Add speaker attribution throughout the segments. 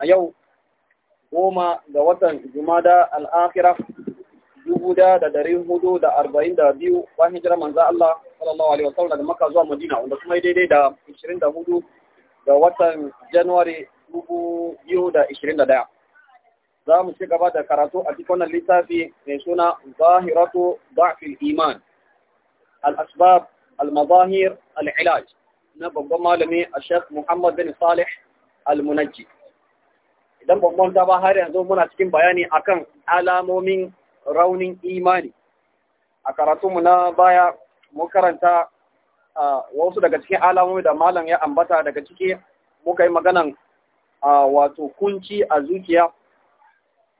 Speaker 1: a yau goma ga watan jumada al'afira dubu da da dari hudu da arba'in da biyu bayan hijirar manza Allah sallallahu alaihi wasallam daga Makka zuwa Madina wanda kuma daidai da ishirin da hudu ga watan Januwari dubu biyu da ishirin da daya. Za mu ci gaba da karatu a cikin wannan littafi mai suna Zahiratu Da'fil Iman. Al-Asbab Al-Mazahir Al-Ilaj na babban malami a Sheikh Muhammad bin Salih Al-Munajji. idan ban manta ba har yanzu muna cikin bayani akan alamomin raunin imani a karatunmu na baya mun karanta wasu daga cikin alamomi da malam ya ambata daga ciki muka yi maganan wato kunci a zuciya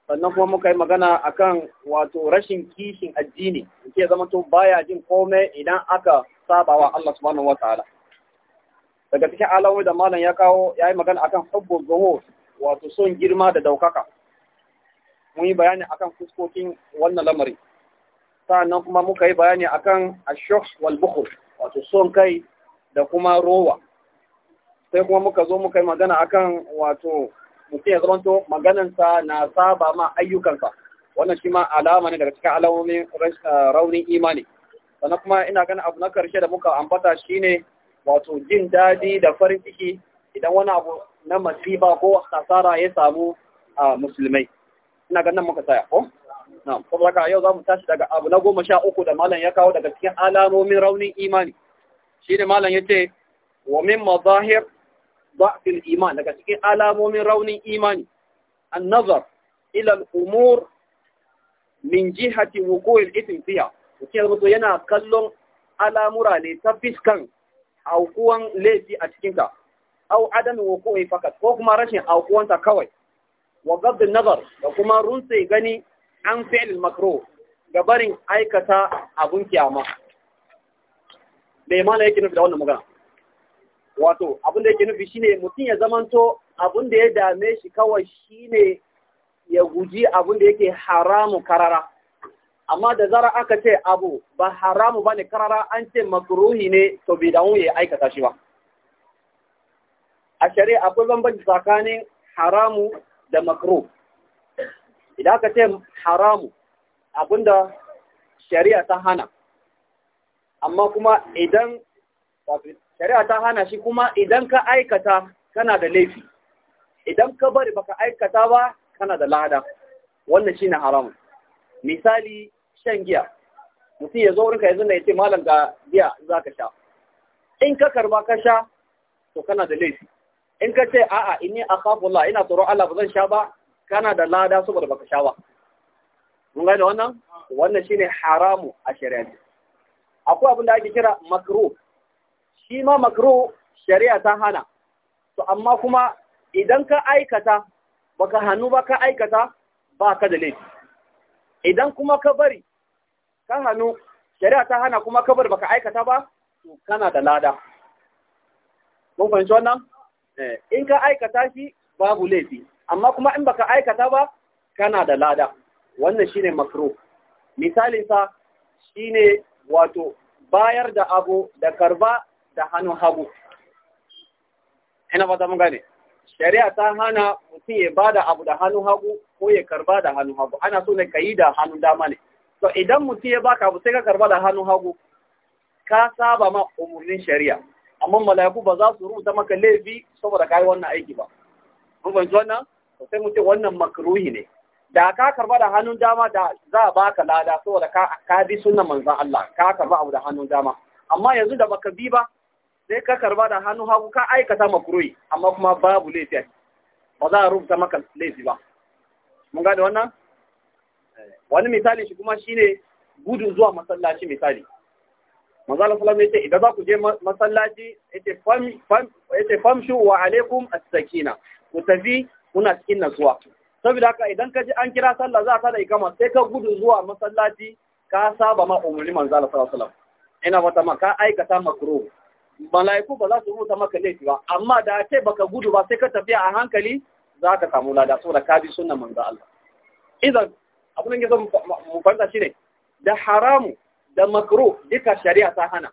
Speaker 1: sannan kuma muka yi magana akan wato rashin kishin addini ke zama to baya jin komai idan aka saba wa Allah subhanahu wataala daga cikin alamomi da malam ya kawo ya yi magana akan hubbu zuhur wato son girma da daukaka mun yi bayani akan fuskokin wannan lamari sa'annan kuma muka yi bayani akan ashosh wal bukhur wato son kai da kuma rowa sai kuma muka zo muka yi magana akan wato mutum ya zamanto maganansa na saba ma ayyukansa wannan shi ma alama ne daga cikin alamomin ah, raunin imani sannan kuma ina gani abu na karshe da muka ambata shine wato jin daɗi da farin ciki idan wani abu na masifa ko kasara ya samu a musulmai ina ganin muka saya ko na kuma ka yau za mu tashi daga abu na goma sha uku da malam ya kawo daga cikin alamomin raunin imani shi ne malam ya ce wa min mazahir iman daga cikin alamomin raunin imani an nazar ila al-umur min jihati wuqu'il ithm fiha kuke mutu yana kallon alamura ne ta fiskan aukuwan laifi a cikinka. au wa kowai fakat ko kuma rashin aukuwanta kawai wa gadd nazar da kuma runse gani an fi'l makruh ga barin aikata abun kiyama da imana yake nufi da wannan magana wato abin da yake nufi shine mutum ya zamanto abin da ya dame shi kawai shine ya guji abin da yake haramu karara amma da zara aka ce abu ba haramu bani karara an ce makruhi ne to bai damu ya aikata shi ba a shari'a akwai bambanci tsakanin haramu da makro idan aka ce haramu abinda shari'a ta hana amma kuma idan shari'a ta hana shi kuma idan ka aikata kana da laifi idan ka bari baka aikata ba kana da lada wannan shi ne haramu misali shan giya mutum ya zo wurinka yanzu na ya ce malam ga giya za ka sha in ka karba ka sha to kana da laifi in ka ce a'a inni akhafullah ina tsoron Allah ba zan sha ba kana da lada saboda baka sha ba mun da wannan wannan shine haramu a shari'a akwai abin da ake kira makruh shi ma makruh shari'a ta hana to amma kuma idan ka aikata baka hannu ba ka aikata ba ka da laifi idan kuma ka bari ka hannu shari'a ta hana kuma ka bari baka aikata ba to kana da lada mun fahimci wannan Eh, in ka aikata shi babu laifi amma kuma in baka aikata ba kana da lada wannan shine makro misalin sa shine wato bayar da abu da karba da hannun hagu ina ba mu gane shari'a ta hana mutum ya bada abu da hannun hagu ko ya karba da hannun hagu ana so ne ka yi da hannun dama ne to idan mutum ya baka abu sai ka karba da hannun hagu ka saba ma umarnin shari'a amma mala'iku ba za su rubuta maka laifi saboda kai wannan aiki ba mun fahimci wannan sai mu ce wannan makruhi ne da ka karba da hannun dama da za a baka lada saboda ka ka bi sunnan manzon Allah ka karba abu da hannun dama amma yanzu da baka bi ba sai ka karba da hannun hagu ka aikata makruhi amma kuma babu laifi ba za a rubuta maka laifi ba mun gane wannan wani misali shi kuma shine gudun zuwa masallaci misali manzo Allah ya ce idan za ku je masallaci ya ce famshu wa alaikum as-sakina ku tafi kuna cikin nasuwa saboda haka idan ka ji an kira sallah za ta da ikama sai ka gudu zuwa masallaci ka saba ma umarni manzo Allah ina wata ma ka aikata makruh malaiku ba za su rubuta maka laifi ba amma da ce baka gudu ba sai ka tafi a hankali za ka samu lada saboda ka bi sunnan manzo Allah idan abin da ke so mu fanta shine da haramu da makro duka shari'a ta hana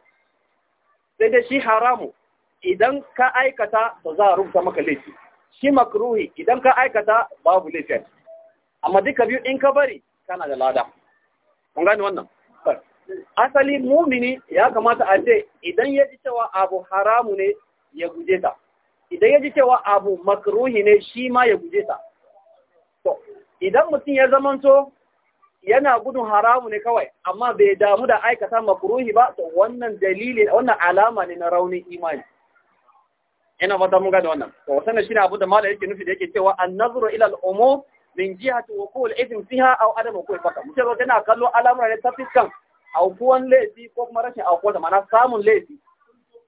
Speaker 1: sai dai shi haramu idan ka aikata ba za a rubuta maka laifi shi makruhi idan ka aikata babu laifi amma duka biyu in ka bari kana da lada kun gane wannan asali mumini ya kamata a ce idan ya ji cewa abu haramu ne ya guje ta idan ya ji cewa abu makruhi ne shi ma ya guje ta to idan mutum ya zamanto yana gudun haramu ne kawai amma bai damu da aikata makruhi ba to wannan dalili wannan alama ne na raunin imani ina fata mun gane wannan to wannan shine abu da malai yake nufi da yake cewa an-nazru ila al-umur min jihati wuqul idin fiha aw adam wuqul faka ce ga kana kallo alamar ne ta fiskan aukuwan laifi ko kuma rashin aukuwa da ma'ana samun laifi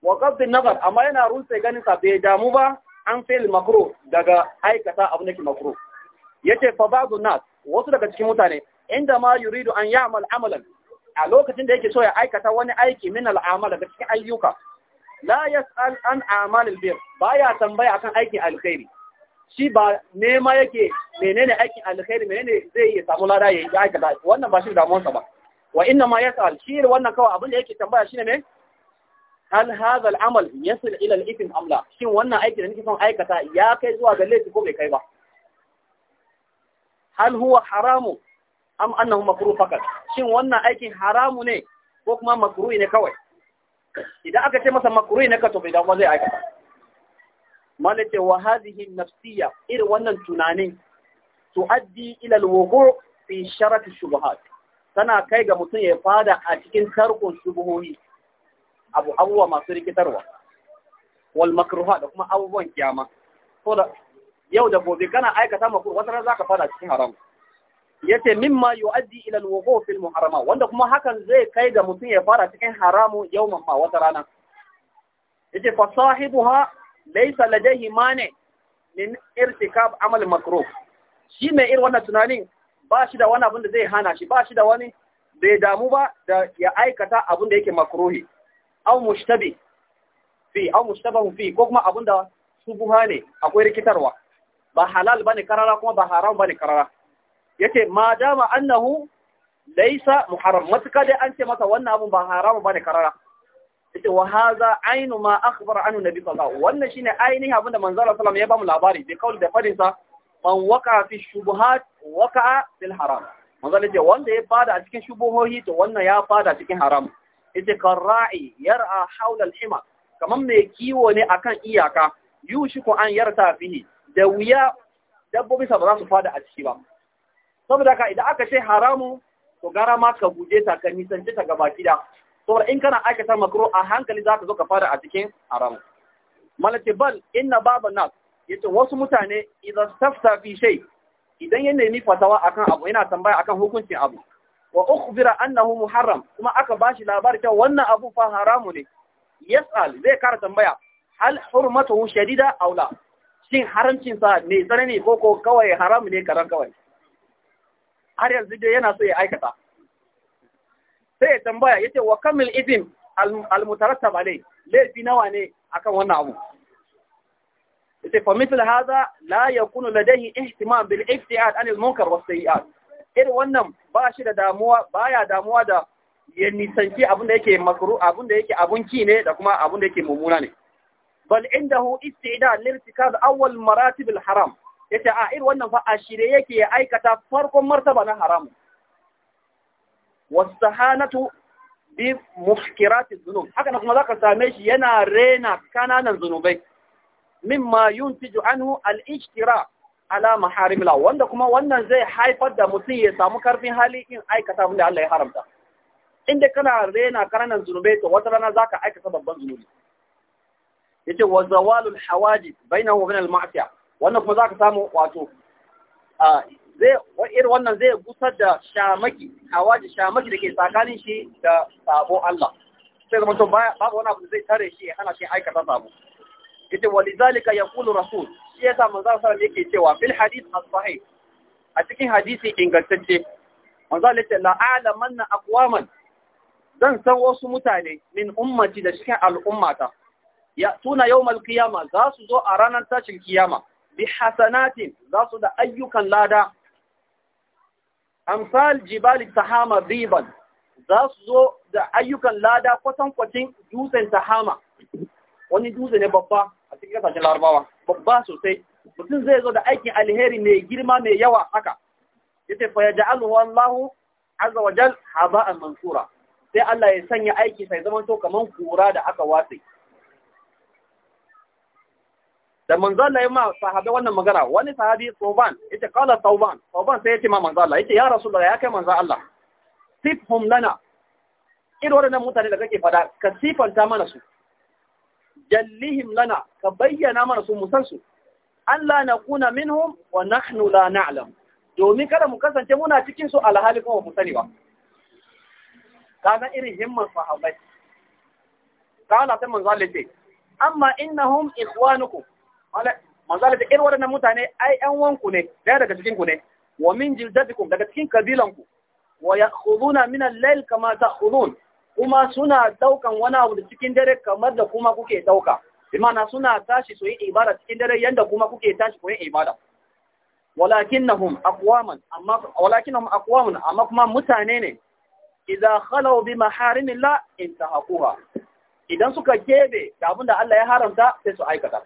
Speaker 1: wa qabdin nazar amma yana rusa ganin sa bai damu ba an fil makruh daga aikata abin da ke makruh yace fa ba'dun nas wasu daga cikin mutane inda ma yuridu an ya'mal amalan a lokacin da yake so ya aikata wani aiki min al'amala, daga cikin ayyuka la yas'al an a'malil bir baya tambaya akan aikin alkhairi shi ba nema yake menene aikin alkhairi menene zai yi samu lada ya yi aikata wannan ba shi damuwarsa ba wa inna ma yas'al shi wannan kawai abin da yake tambaya shine me hal hadha al'amal yasil ila al-ithm am la shin wannan aiki da nake son aikata ya kai zuwa ga laifi ko bai kai ba hal huwa haramu am annahu makruh fakat shin wannan aikin haramu ne ko kuma makruhi ne kawai idan aka ce masa makruhi ne ka to bai da zai aikata malaka wa hadhihi nafsiyya irin wannan tunanin tuaddi ila alwuqu fi sharati shubuhat tana kai ga mutum ya fada a cikin tarkon shubuhohi abu abuwa masu rikitarwa wal makruha da kuma abubuwan kiyama saboda yau da gobe kana aikata makruh wata ran zaka fada cikin haramu. yace mimma yu'addi ila al-wuqu' fil muharrama wanda kuma hakan zai kai ga mutum ya fara cikin haramu yawman ma wata rana yace fa sahibuha laysa ladayhi mani min irtikab amal makruh shi mai irin wannan tunanin ba shi da wani abin zai hana shi ba shi da wani bai damu ba da ya aikata abin da yake makruhi aw mushtabi fi aw mushtabahu fi ko kuma abin da subuha ne akwai rikitarwa ba halal bane karara kuma ba haram bane karara yace ma dama annahu laysa muharram matuka dai an ce masa wannan abun ba haramu bane karara yace wa hadha ainu ma akhbara anhu nabi sallallahu alaihi wannan shine ainihin abinda manzo sallallahu alaihi wasallam ya ba mu labari bi kauli da fadin sa man waka fi shubuhat waka fil haram manzo yace wanda ya fada a cikin shubuhohi to wannan ya fada cikin haram yace karra'i yar'a hawla al-hima kaman mai kiwo ne akan iyaka yushiku an yarta fihi da wuya dabbobi sa ba za su fada a ciki ba saboda ka idan aka ce haramu to gara ma ka guje ta ka nisanci ta gaba gida saboda in kana aikata makro a hankali za ka zo ka fara a cikin haramu malati bal inna baba nas yace wasu mutane idan tafta fi shay idan ya nemi fatawa akan abu yana tambaya akan hukuncin abu wa ukhbira annahu muharram kuma aka bashi labarin cewa wannan abu fa haramu ne yas'al zai kara tambaya hal hurmatuhu shadida aw la shin haramcin sa ne tsare ne ko ko kawai haramu ne karan kawai har yanzu dai yana so ya aikata sai ya tambaya yace wa kamil izin almutarattab alai laifi nawa ne akan wannan abu yace fa mithl hadha la yakunu ladayhi ihtimam bil ibtiad anil munkar was sayiat irin wannan ba shi da damuwa baya damuwa da ya nisanci abin da yake makru abin da yake abunki ne da kuma abin da yake mumuna ne bal indahu istidad lirtikab awwal maratib al haram yace a irin wannan fa a shirye yake ya aikata farkon martaba na haramu wastahanatu bi muhkirati dhunub haka na kuma zaka same shi yana rena kananan zunubai mimma yuntiju anhu al-ijtira ala maharimillah wanda kuma wannan zai haifar da mutum ya samu karfin hali in aikata abin da Allah ya haramta inda kana rena kananan zunubai to wata rana zaka aikata babban zunubi yace wa zawalul hawajib bainahu wa bainal ma'siyah wannan kuma za ka samu wato irin wannan zai gusar da shamaki hawaji shamaki da ke tsakanin shi da sabon Allah sai zama to babu wani abu da zai tare shi hana shi aikata sabo yace ya kulu rasul shi yasa manzo sallallahu alaihi yake cewa fil hadith as-sahih a cikin hadisi ingantacce manzo yace la a'lamanna aqwaman zan san wasu mutane min ummati da cikin al'ummata ya tuna yawmal qiyama za su zo a ranar tashin kiyama bi hasanatin za su da ayyukan lada amsal jibali tahama riban za su zo da ayyukan lada kwatankwacin dutsen tahama wani dutse ne babba a cikin kasashen larabawa babba sosai mutum zai zo da aikin alheri mai girma mai yawa haka yace fa yaj'aluhu Allahu azza wa jal haba'an mansura sai Allah ya sanya aiki sai zaman to kaman kura da aka watsi da manzo Allah ya ma sahabe wannan magana wani sahabi Tauban yace qala Tauban Tauban sai yace ma manzo Allah yace ya Rasulullah ya kai manzo Allah sifhum lana irin waɗannan mutane da kake fada ka sifanta mana su jallihim lana ka bayyana mana su mu san su Allah na kuna minhum wa nahnu la na'lam domin kada mu kasance muna cikin su alhali kuma mu sani ba kaga irin himman sahabbai kala ta manzo Allah ce amma innahum ikhwanukum manzala da irin waɗannan mutane ai ƴan wanku ne ɗaya daga cikin ku ne wa min jildatikum daga cikin kabilan ku wa ya'khuduna min al-layl kama ta'khudun kuma suna daukan wani abu da cikin dare kamar da kuma kuke dauka imana suna tashi su yi ibada cikin dare yanda kuma kuke tashi ku yi ibada walakinnahum aqwaman amma walakinnahum aqwaman amma kuma mutane ne idza khalaw bi maharimillah intahaquha idan suka kebe da abinda Allah ya haramta sai su aikata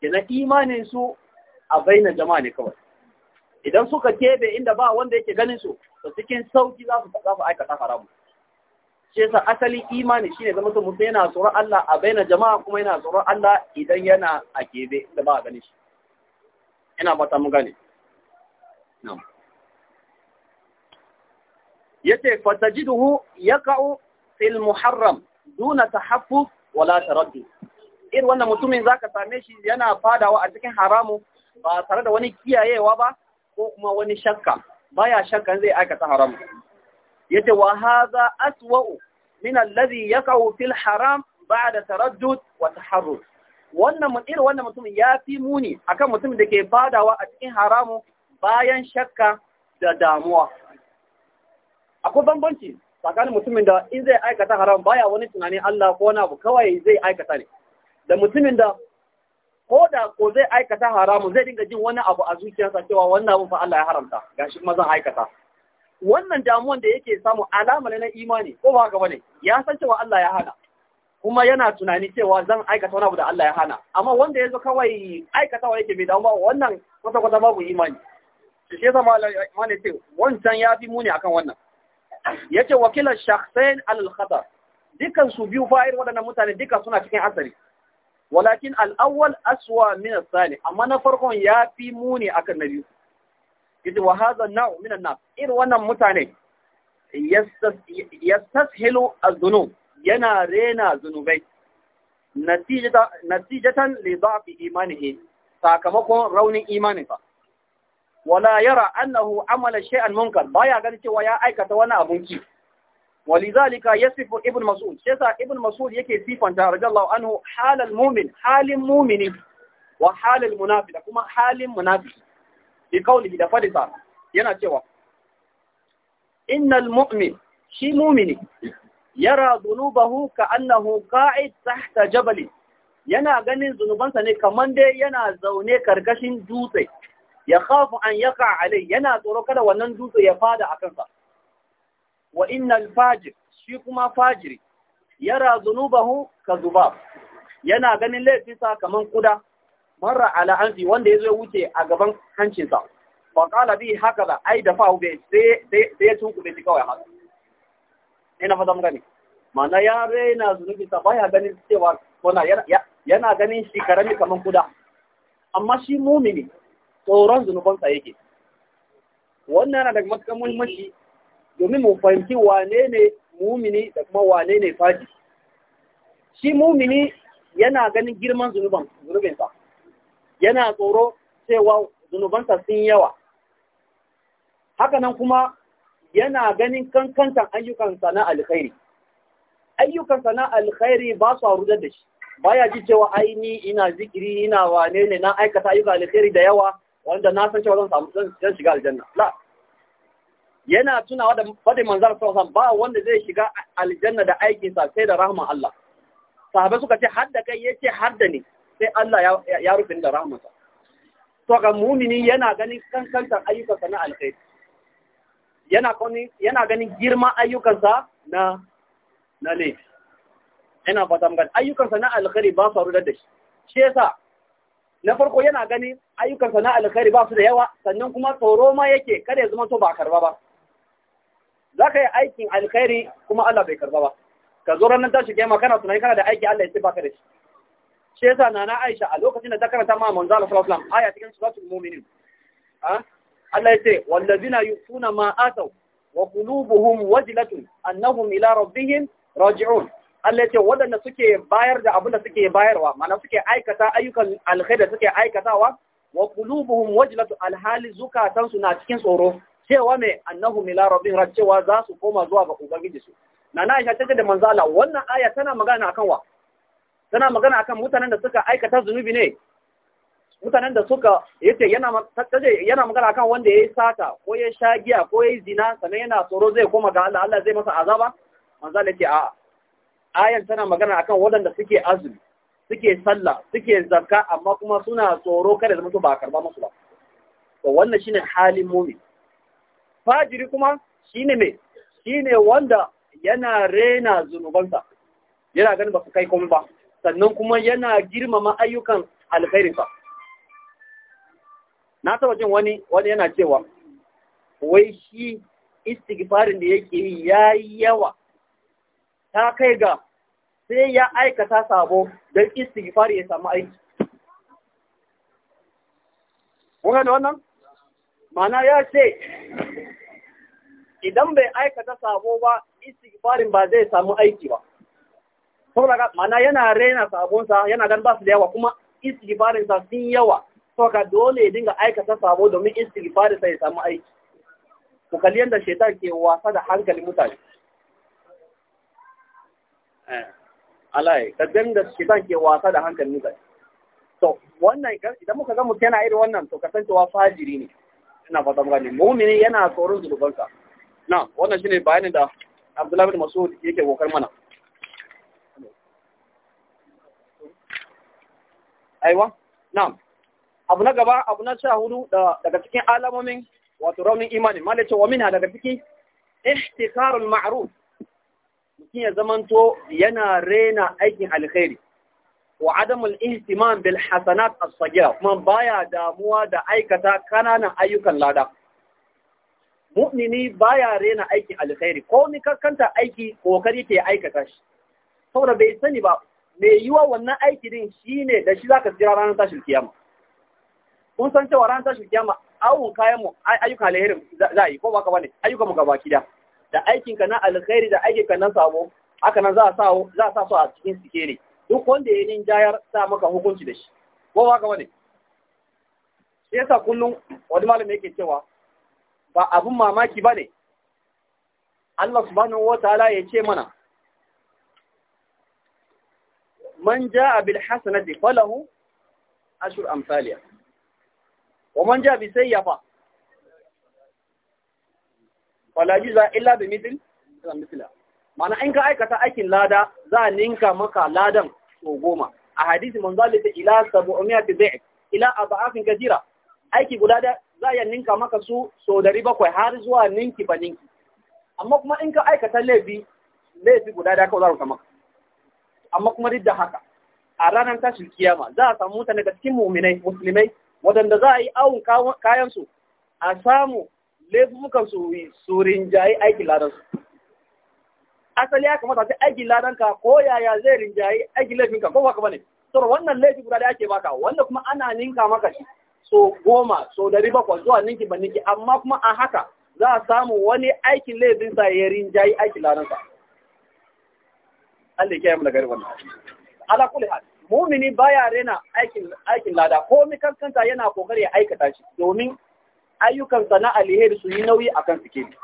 Speaker 1: kenan imanin su a bainar jama'a ne kawai idan suka kebe inda ba wanda yake ganin su to cikin sauki za su za su aikata haramu shi yasa asali imani shine zama mutum yana tsoron Allah a baina jama'a kuma yana tsoron Allah idan yana a kebe inda ba a ganin shi ina fata mun gane na'am yace fatajiduhu yaqa'u fil muharram duna tahaffuf wala taraddud irin wannan mutumin ka same shi yana fadawa a cikin haramu ba tare da wani kiyayewa ba ko kuma wani shakka baya shakkan zai aikata haramu ce wa haza aswa'u min ya yaqa'u fil haram ba'da taraddud wa taharrud wannan irin wannan mutumin fi muni akan mutumin da ke fadawa a cikin haramu bayan shakka da damuwa akwai bambanci tsakanin mutumin da in zai aikata haram baya wani tunanin Allah ko wani abu kawai zai aikata ne da mutumin da ko da ko zai aikata haramun zai dinga jin wani abu a zuciyarsa cewa wannan abu fa Allah ya haramta gashi kuma zan aikata wannan damuwan da yake samu alama ne na imani ko ba haka bane ya san cewa Allah ya hana kuma yana tunani cewa zan aikata wani abu da Allah ya hana amma wanda yazo kawai aikatawa yake bai damu ba wannan kwata kwata babu imani shi yasa malai ce wancan ya fi muni akan wannan yace wakilan shakhsain alal khatar dukan su biyu fa'ir wadannan mutane duka suna cikin asari walakin al'awwal aswa min as amma na farkon ya fi muni akan na biyu yace wa hadha nau min an irin wannan mutane yastashilu az-zunub yana rena zunubai natijatan li da'fi imanihi sakamakon raunin fa. wala yara annahu amala shay'an munkar baya ganin cewa ya aikata wani abunki ولذلك يصف ابن مسعود شيسا ابن مسعود يكي صفا رضي الله عنه حال المؤمن حال المؤمن وحال المنافق كما حال المنافق بقوله ده فدسا yana cewa innal mu'min shi mumini yara zunubahu ka annahu qa'id tahta jabal yana ganin zunubansa ne kaman dai yana zaune karkashin dutse ya khafu an yaqa alai yana tsoro kada wannan dutse ya fada akan sa wa innal fajir shi kuma fajiri yara zunubahu ka zubab yana ganin laifinsa kaman kuda marra ala anfi wanda ya zo wuce a gaban hancinsa fa qala bi haka da ai da fa ube sai ya tun bai kawai haka ina fata gani mana ya raina zunubi sa baya ganin cewa kona yana ganin shi karami kaman kuda amma shi mumini tsoron zunubansa yake wannan yana daga matakan muhimmanci domin mu fahimci wane ne mumini da kuma wane ne faji shi mumini yana ganin girman zunubinsa yana tsoro cewa zunubansa sun yawa hakanan kuma yana ganin kankantan ayyukansa na alkhairi ayyukansa na alkhairi ba su rudar da shi Ba ya ji cewa ai ina zikiri ina wane ne na aikata ayyukan alkhairi da yawa wanda na san cewa zan zan shiga aljanna la yana tunawa da fadin manzar sallallahu ba wanda zai shiga aljanna da aikinsa sai da rahman Allah sahabai suka ce hadda kai yace hadda ne sai Allah ya rufe da rahmansa to ga mumini yana ganin kankantar ayyukansa na alkhairi yana koni yana ganin girma ayyukansa na na laifi ina fata mun ayyukansa na alkhairi ba su rudar da shi shi yasa na farko yana ganin ayyukansa na alkhairi ba su da yawa sannan kuma tsoro ma yake kada ya zama to ba karba ba za ka yi aikin alkhairi kuma Allah bai karba ba ka zo ranar tashi kiyama kana ka kana da aiki Allah ya ce baka da shi shi yasa nana Aisha a lokacin da ta karanta ma manzo Allah sallallahu alaihi wasallam aya cikin suratul mu'minin Allah ya ce wallazina yufuna ma ataw wa qulubuhum wajlatun annahum ila rabbihim raji'un Allah ya ce waɗanda suke bayar da abin da suke bayarwa Mana suke aikata ayyukan alkhairi da suke aikatawa wa qulubuhum wajlatun alhali zukatansu na cikin tsoro cewa mai annahu mila rabbi cewa za su koma zuwa ga ubangiji su nana Aisha tace da manzo Allah wannan aya tana magana akan wa tana magana akan mutanen da suka aikata zunubi ne mutanen da suka yace yana yana magana akan wanda yayi sata ko ya sha giya ko yayi zina sannan yana tsoro zai koma ga Allah Allah zai masa azaba manzo Allah ce a ayan tana magana akan waɗanda suke azumi suke sallah suke zakka amma kuma suna tsoro kada su mutu ba karba musu ba to wannan shine halin mu'min fajiri kuma shine shi ne wanda yana rena zunubansa yana ganin ba su kai komai ba sannan kuma yana girmama ayyukan alkhairinsa na taba jin wani wani yana cewa wai shi istighfarin da yake yi ya yi yawa ta kai ga sai ya aikata sabo don istighfar ya samu aiki. Kun wannan? Mana ya ce, idan bai aikata sabo ba istighfarin ba zai samu aiki ba saboda mana yana rena sabonsa yana gan ba su da yawa kuma istighfarin sa sun yawa saboda ka dole ya dinga aikata sabo domin istighfarin sa ya samu aiki ku kalli yanda shaitan ke wasa da hankalin mutane eh, Alayi. ka dinga shaitan ke wasa da hankalin mutane to wannan idan muka ga mutum yana irin wannan to kasancewa fajiri ne ina fata muka ne mu'mini yana tsoron zulubansa na wannan shine bayanin da Abdullahi bin Mas'ud yake kokar mana aiwa na'am abu na gaba abu na sha hudu daga cikin alamomin wato raunin imani ma wa cewa mina daga ciki ihtikarul ma'ruf mutum ya zamanto yana rena aikin alkhairi wa adamul ihtimam bil hasanat as-sagira kuma baya damuwa da aikata kananan ayyukan lada mu'mini baya rena aikin alkhairi ko ni kankanta aiki kokari ke aikata shi saboda bai sani ba me yiwa wannan aiki din shine da shi zaka jira ranar tashin kiyama kun san cewa ranar tashin kiyama awun kayan mu ayyukan alkhairi za yi ko ba bane ayyukan mu gabaki da da aikin ka na alkhairi da aikin ka na sabo haka nan za a sa za a sa su a cikin ne duk wanda ya nin jayar sa maka hukunci da shi ko ba bane shi yasa kullum wani malami yake cewa ba abin mamaki ba ne Allah subhanahu wata ala ya ce mana man ja ja'a bil da falahu ashur amsaliyah wa man ja bi fa. fala jiza illa bi mithl misla mana in ka aikata aikin lada za a ninka maka ladan so goma a hadisi manzo Allah ila sab'umiyati bai'a ila a ab'afin gajira aiki guda da za a ninka maka su so dari bakwai har zuwa ninki ba ninki amma kuma in ka aikata laifi laifi guda da kawai za maka amma kuma duk da haka a ranar tashin kiyama za a samu mutane da cikin muminai musulmai waɗanda za a yi awon kayansu a samu laifukan su su rinjaye aikin ladansu asali ya kamata sai aikin ladanka ko yaya zai rinjaye aikin laifinka ko ba ka bane saboda wannan laifi guda da ake baka wanda kuma ana ninka maka shi so goma so dari bakwai zuwa ninki ba ninki amma kuma a haka za a samu wani aikin laifinsa ya rinjayi aikin lanansa Allah ya mu da gari wannan ala kulli hal mumini baya rena aikin aikin lada ko mi kankanta yana kokari ya aikata shi domin ayyukan sana alheri su yi nauyi akan su kebi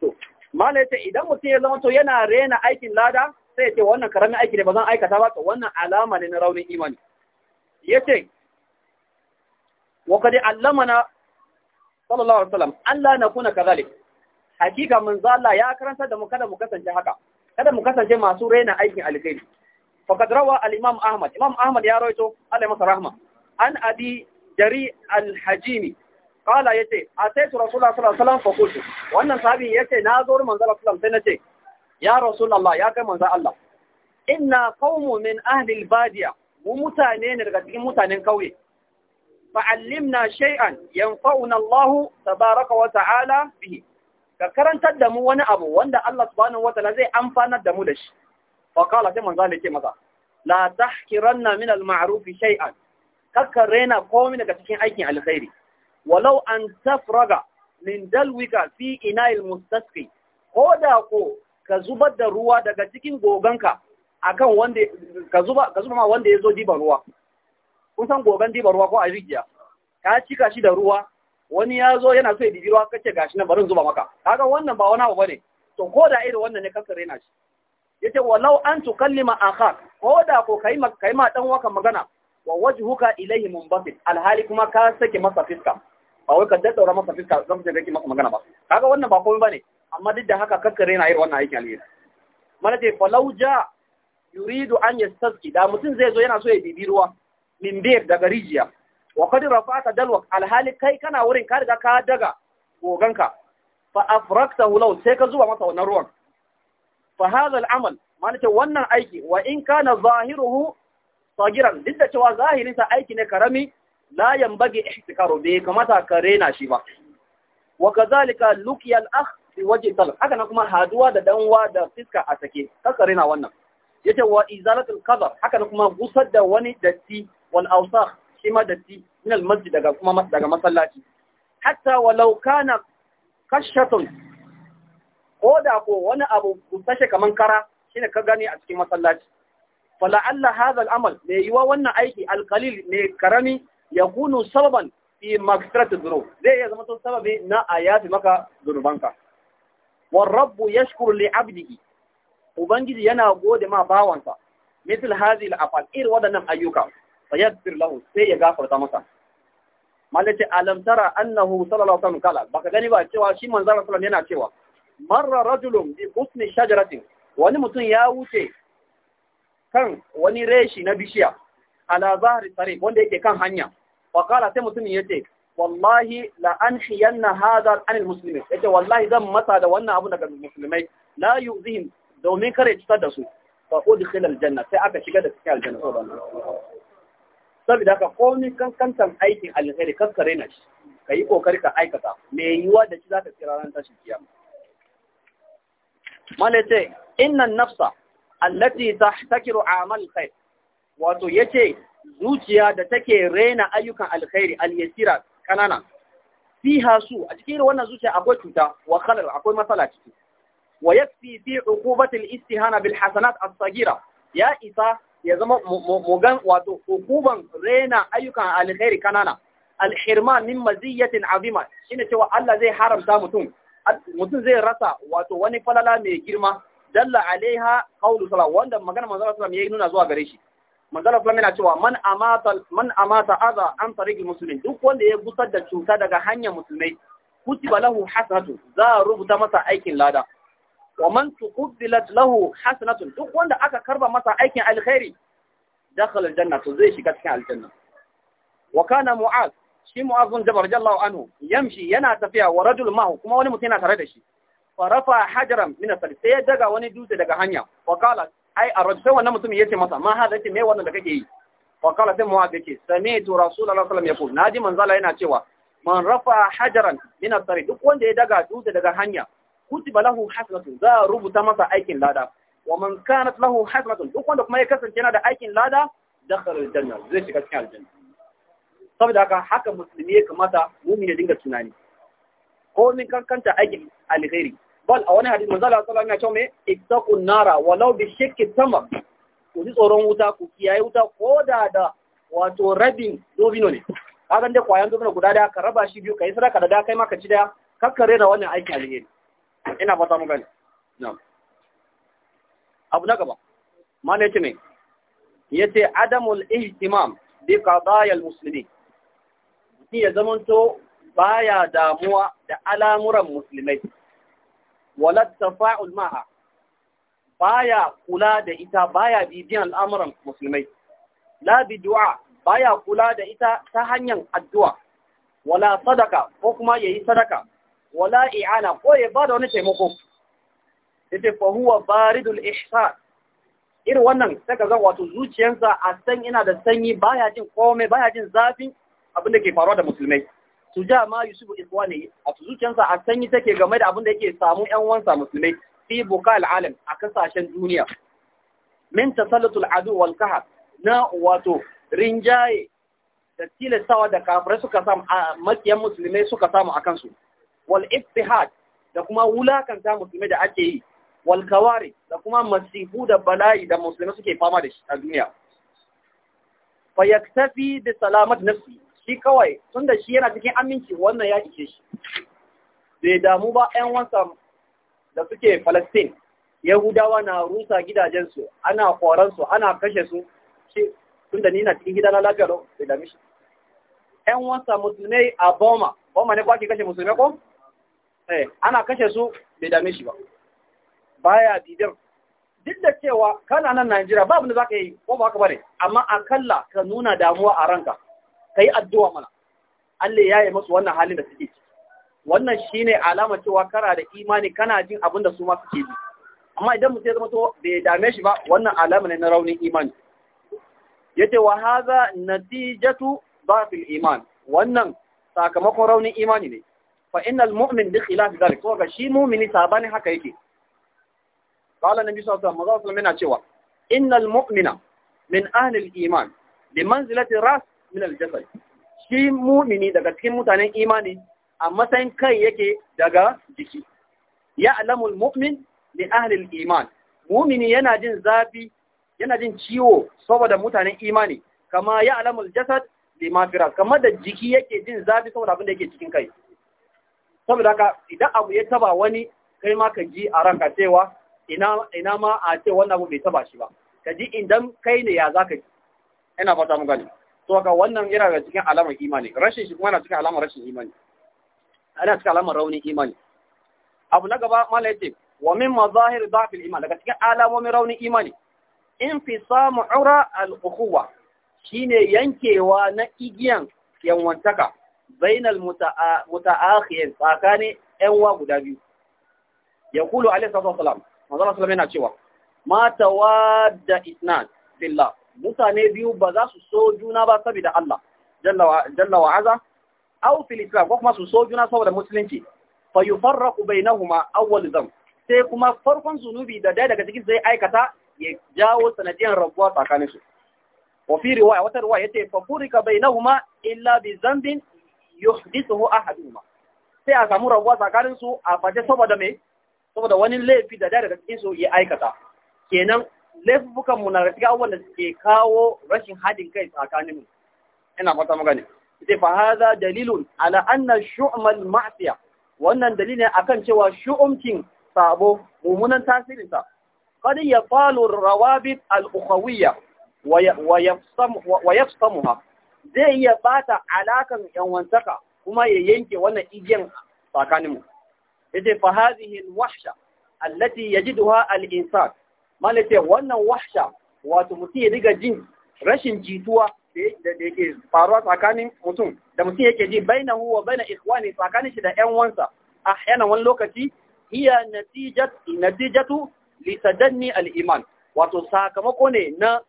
Speaker 1: to malai ta idan mutum ya zama to yana rena aikin lada sai ya ce wannan karamin aiki ne ba zan aikata ba to wannan alama ne na raunin imani yace wa qad allamana sallallahu alaihi wasallam Allah na kuna kazalik hakika manzo Allah ya karanta da mu kada mu kasance haka kada mu kasance masu raina aikin alkhairi faqad rawa al-imam Ahmad imam Ahmad ya rawaito Allah masa rahma an abi jari al-hajimi qala yace ataitu rasulullah sallallahu alaihi wasallam fa qultu wannan sahabi yace na zo manzo Allah sallallahu alaihi wasallam sai nace ya rasulullah ya kai manzo Allah inna qaumun min ahli al-badiya mu mutane ne daga cikin mutanen kauye fa'allimna shay'an yanfa'una Allah tabaraka wa ta'ala bihi ka karantar da mu wani abu wanda Allah subhanahu wataala zai amfanar da mu da shi fa qala sai manzo Allah yake masa la na min al maarufi shay'an kakka rena komai daga cikin aikin alkhairi walau an tafraga min dalwika fi ina'il mustasqi ko da ko ka zubar da ruwa daga cikin goganka akan wanda ka zuba ka zuba ma wanda yazo diban ruwa kusan goban diba ruwa ko a rigiya ka cika shi da ruwa wani ya zo yana so ya dibi ruwa kace gashi nan barin zuba maka kaga wannan ba wani abu bane to ko da irin wannan ne kanka rena shi yace walau an tukallima akha ko da ko kai ma kai ma dan waka magana wa wajhuka ilayhi munbasit alhali kuma ka sake masa fiska ba wai ka daddaura masa fiska zan fice kake masa magana ba kaga wannan ba komai bane amma duk da haka kanka rena irin wannan aikin alheri mana ce falau yuridu an yastazki da mutum zai zo yana so ya bibi ruwa min bir daga rijiya wa qad rafa'ta dalwak alhali kai kana wurin ka riga ka daga goganka fa afraktahu law sai ka zuba masa wannan ruwan fa hadha al'amal malaka wannan aiki wa in kana zahiruhu sagiran duk da cewa zahirin sa aiki ne karami la yanbaghi ihtikaru bai kamata ka rena shi ba wa kadhalika luqya al-akh fi wajhi talq haka na kuma haduwa da danwa da fiska a take ka rena wannan ce wa izalatul qadar haka da kuma gusa da wani datti wal ausa shi ma datti min al masjid daga kuma daga masallaci hatta walau kana kashatun ko da ko wani abu gusashe kaman kara shine ka gani a cikin masallaci fala alla hadha al amal me yiwa wannan aiki al qalil ne karami yakunu sababan fi magfirati dhunub zai ya zama to sababi na ayati maka dhunubanka والرب يشكر لعبده ubangiji yana gode ma bawansa misal hazi al waɗannan ayyuka, wadannan ayyuka fayaghfir lahu sai ya gafarta masa malace alamtara annahu sallallahu alaihi wasallam kala baka gani ba cewa shi manzon sallallahu salon yana cewa marra rajulun bi husni shajaratin wani mutum ya wuce kan wani reshi na bishiya ala zahri tariq wanda yake kan hanya wa kala sai mutum ce wallahi la anhiyanna hadha anil muslimin yace wallahi zan masa da wannan abu daga musulmai la yuzihim domin kare cutar da su fa udkhil aljanna sai aka shiga da cikin aljanna saboda ka komai kankantan aikin alheri kaskare na shi ka kokari ka aikata me yiwa da shi zaka tsira ran tashi kiyama malace inna nafsa allati tahtakiru amal khair wato yace zuciya da take rena ayyukan alkhairi alyasira ƙanana, kanana fiha su a cikin wannan zuciya akwai cuta wa khalal akwai matsala ciki wa yakfi fi uqubati al-istihana bil hasanat as-sagira ya isa ya zama mugan wato hukuban rena ayyukan alkhairi kanana al min maziyatin azima shine cewa Allah zai haramta mutum zai rasa wato wani falala mai girma dalla alaiha qawlu wanda magana manzo sallallahu alaihi nuna zuwa gare shi manzo yana cewa man amata man amata adha an tariqil muslimin duk wanda ya gusar da cuta daga hanyar musulmai kutiba lahu hasanatu za a rubuta masa aikin lada wa man tuqbilat lahu hasanatun duk wanda aka karba masa aikin alkhairi dakhala aljanna to zai shiga cikin aljanna wa kana mu'az shi mu'az bin jabal radiyallahu anhu yamshi yana tafiya wa rajul mahu kuma wani mutum yana tare da shi fa rafa hajaran min asal sai ya daga wani dutse daga hanya wa qala ai arad sai wannan mutum yace masa ma hada yace me wannan da kake yi wa qala sai mu'az yace sami'tu rasulullahi sallallahu alaihi wasallam yaqul naji manzala yana cewa man rafa hajaran min asal duk wanda ya daga dutse daga hanya kutiba lahu hasanatun za a rubuta masa aikin lada wa man kanat lahu hasanatun duk wanda kuma ya kasance yana da aikin lada dakhala aljanna zai shiga cikin aljanna saboda haka haka musulmi ya kamata mu'min ya dinga tunani ko min kankanta aikin alkhairi bal a wani hadisi manzo Allah sallallahu alaihi wasallam ya ce ittaqun nara walau bi shakki tama ku ji tsoron wuta ku kiyaye wuta ko da da wato rabin dobino ne kaga dai kwayan dobino guda da ka raba shi biyu kai sadaka da da kai maka ci da kakkare da wannan aikin alheri ina fata mu gani abu na gaba ma ne me yace adamul ihtimam bi qadaya muslimin shi ya zamanto baya damuwa da alamuran musulmai wala tafa'ul ma'a baya kula da ita baya bibiyan al'amuran musulmai la du'a baya kula da ita ta hanyar addu'a wala sadaka ko kuma yayi sadaka wala i'ana ko ya ba da wani taimako yace fa huwa baridul ihsan irin wannan sai ka ga wato zuciyarsa a san ina da sanyi baya jin komai baya jin zafi abin ke faruwa da musulmai suja ma yusufu ikwani a zuciyarsa a sanyi take game da abin da yake samu yan wansa musulmai fi bukal alam a kasashen duniya min tasallatul adu wal kahar na wato rinjaye da tilastawa da kafirai suka samu a makiyan musulmai suka samu a kansu wal ittihad da kuma wulakanta musulmi da ake yi wal kawari da kuma masifu da bala'i da musulmi suke fama da shi a duniya fa yaktafi bi salamat nafsi shi kawai tunda shi yana cikin aminci wannan ya ishe shi bai damu ba 'yan wansa da suke Palestine Yahudawa na rusa gidajensu ana kwaransu, ana kashe su shi tunda ni na cikin gidana lafiya bai dami shi Yan wansa musulmai a Boma Boma ne ba ke kashe musulmai ko Eh, ana kashe su bai dame shi ba baya didar duk da cewa kana nan Najeriya babu da zaka yi ko ba ka bare amma akalla ka nuna damuwa a ranka kai addu'a mana Allah ya yi musu wannan halin da suke wannan shine alama cewa kana da imani kana jin abin da su ma suke ji amma idan mutum ya zama to bai dame shi ba wannan alama ne na raunin imani yace wa hadha natijatu dhafil iman wannan sakamakon raunin imani ne fa innal mu'min bi khilaf dhalik ko ga shi mu'mini sabani haka yake qala nabi sallallahu alaihi wasallam maza yana cewa innal mu'mina min ahli al-iman bi manzilati ras min al-jasad shi mu'mini daga cikin mutanen imani a matsayin kai yake daga jiki ya alamul mu'min li ahli al-iman mu'mini yana jin zafi yana jin ciwo saboda mutanen imani kama ya alamul jasad li mafiras kamar da jiki yake jin zafi saboda abin da yake cikin kai saboda ka idan abu ya taba wani kai ma ka ji a ranka cewa ina ma a ce wannan abu bai taba shi ba ka ji idan kai ne ya zaka ji ina fata mu gani to ka wannan yana da cikin alamar imani rashin shi kuma yana cikin alamar rashin imani ana cikin alamar raunin imani abu na gaba mala yace wa min mazahir dhafil iman daga cikin alamomin raunin imani infisamu ura al-ukhuwa shine yankewa na igiyan wantaka. bainal muta'akhir tsakanin ƴan wa guda biyu ya kulu alaihi sallallahu yana cewa ma tawadda isnan fillah mutane biyu ba za su so juna ba saboda Allah jalla wa aza aw fil islam ko kuma su so juna saboda musulunci fa yufarraqu bainahuma awwal zam sai kuma farkon zunubi da daya daga cikin zai aikata ya jawo sanadiyar rabuwa tsakanin su wa fi riwaya wata riwaya yace fa furika bainahuma illa bi zambin yuhdithu ahaduhuma sai a samu rabuwa tsakanin su a fate saboda me saboda wani laifi da daga cikin su ya aikata kenan laifukan mu na cikin abubuwan suke kawo rashin hadin kai tsakanin mu ina fata magana sai fa hadha dalilun ala anna shu'mal ma'siya wannan dalilin akan cewa shu'umcin sabo mummunan tasirin sa qad falo rawabit al-ukhawiyya wa yafsamu wa yafsamuha zai iya bata alakan yanwantaka kuma ya yanke wannan igiyan tsakaninmu yace fa hadhihi alwahsha allati yajiduha al-insan malace wannan wahsha wato mutum ya riga jin rashin jituwa da yake faruwa tsakanin mutum da mutum yake ji bainahu wa baina ikhwani tsakanin shi da ƴan wansa wani lokaci iya natijatu li tadanni al-iman wato sakamako ne na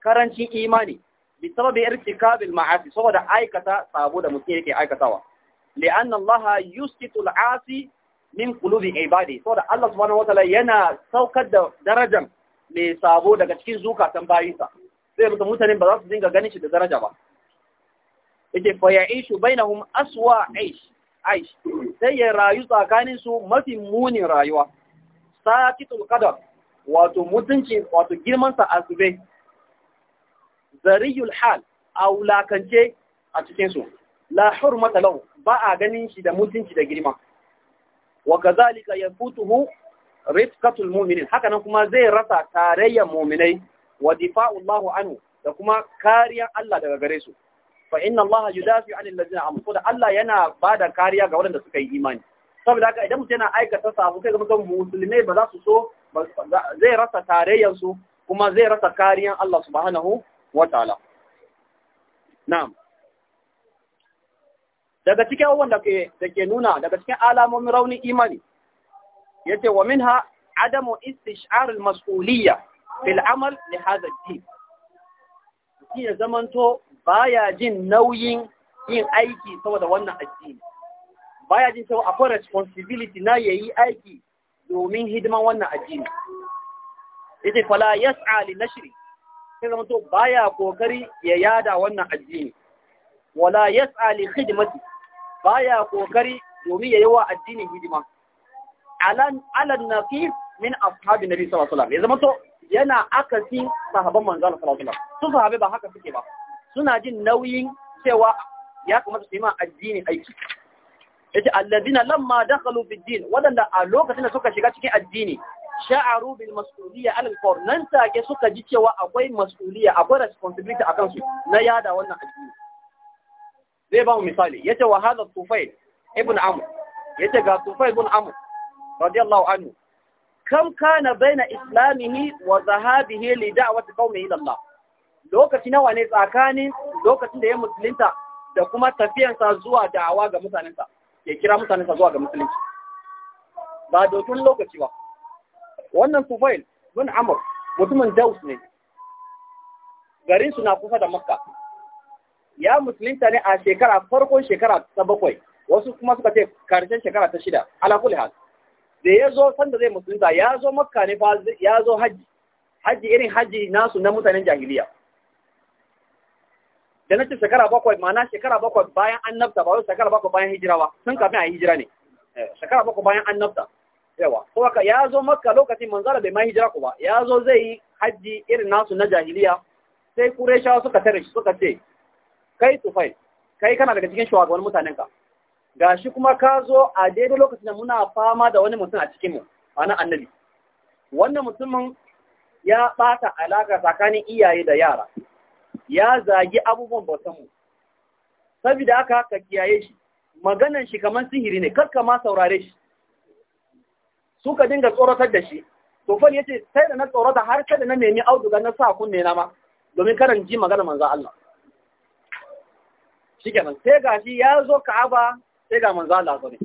Speaker 1: karancin imani بسبب ارتكاب المعاصي saboda aikata سابو ده متي yake aikatawa لان الله يسقط العاصي min qulubi ibadi saboda Allah subhanahu wataala yana saukar da darajar mai sabo daga cikin zukatan bayinsa sai mutum mutane ba za su dinga ganin shi da daraja ba yake fa ya'ishu hum aswa aish aish sai ya rayu tsakanin su mafi munin rayuwa saqitul qadar wato wato girmansa a azube zariyul hal a wulakance a cikinsu la hurmata talau, ba a ganin shi da mutunci da girma wa kazalika futuhu rifqatul mu'minin haka nan kuma zai rasa tarayyar mu'minai wa difa'ullahu anhu da kuma kariyar Allah daga gare su fa inna Allah yudafi 'anil ladina amanu da Allah yana ba da kariya ga waɗanda suka yi imani saboda haka idan mutum yana aikata sabu kai kuma musulmai ba za su so zai rasa tarayyar su kuma zai rasa kariyar Allah subhanahu wata'ala. na'am daga cikin abubuwan da ke nuna daga cikin alamomin raunin imani yace wa minha adamu istish'ar al-mas'uliyya fil amal li hadha ad-din ya zamanto baya jin nauyin yin aiki saboda wannan addini baya jin cewa akwai responsibility na yayi aiki domin hidiman wannan addini yace fala yas'a li nashri sai zama to baya kokari ya yada wannan addini wala yas'a li khidmati baya kokari domin yayi wa addinin hidima alan alan min ashabi nabi sallallahu alaihi wasallam ya zama yana akasin sahabban manzon sallallahu alaihi wasallam su sahabe ba haka suke ba suna jin nauyin cewa ya kamata su yi ma addini aiki yace alladina lamma dakhalu fi din wadanda a lokacin da suka shiga cikin addini sha'aru bil mas'uliyya alal qawl nan take suka ji cewa akwai mas'uliyya akwai responsibility akan su na yada wannan addini zai ba mu misali yace wa hadha tufail ibn amr yace ga tufail ibn amr radiyallahu anhu kam kana baina islamihi wa zahabihi li da'wati qaumihi ila Allah lokaci nawa ne tsakanin lokacin da ya musulunta da kuma tafiyansa zuwa da'awa ga mutanensa ya kira mutanensa zuwa ga musulunci ba dokin lokaci ba wannan Tufail bin Amr mutumin Daus ne garin su na kusa da Makka ya musulunta ne a shekara farkon shekara ta bakwai wasu kuma suka ce karshen shekara ta shida alakul haka. da ya zo sanda zai musulunta ya zo Makka ne fa ya zo hajji. haji irin hajji nasu na mutanen jahiliya da na ce shekara bakwai ma'ana shekara bakwai bayan annabta ba wai shekara bakwai bayan hijira ba sun kafin a hijira ne eh, shekara bakwai bayan annabta yawa kuma ka ya zo maka lokacin manzara bai ma hijira ku ba ya zo zai yi hajji irin nasu na jahiliya sai kureshawa suka tare shi suka ce kai tufai kai kana daga cikin shugaban mutanen ka gashi kuma ka zo a daidai lokacin da muna fama da wani mutum a cikin mu ana annabi wannan mutumin ya bata alaka tsakanin iyaye da yara ya zagi abubuwan bautan mu saboda haka ka kiyaye shi maganan shi kamar sihiri ne kar ka ma saurare shi suka dinga tsoratar da shi to fa yace sai da na tsorata har sai da na nemi auduga na sa kunne na ma domin karan ji magana manzo Allah nan, sai gashi ya zo Ka'aba sai ga manzo Allah Ga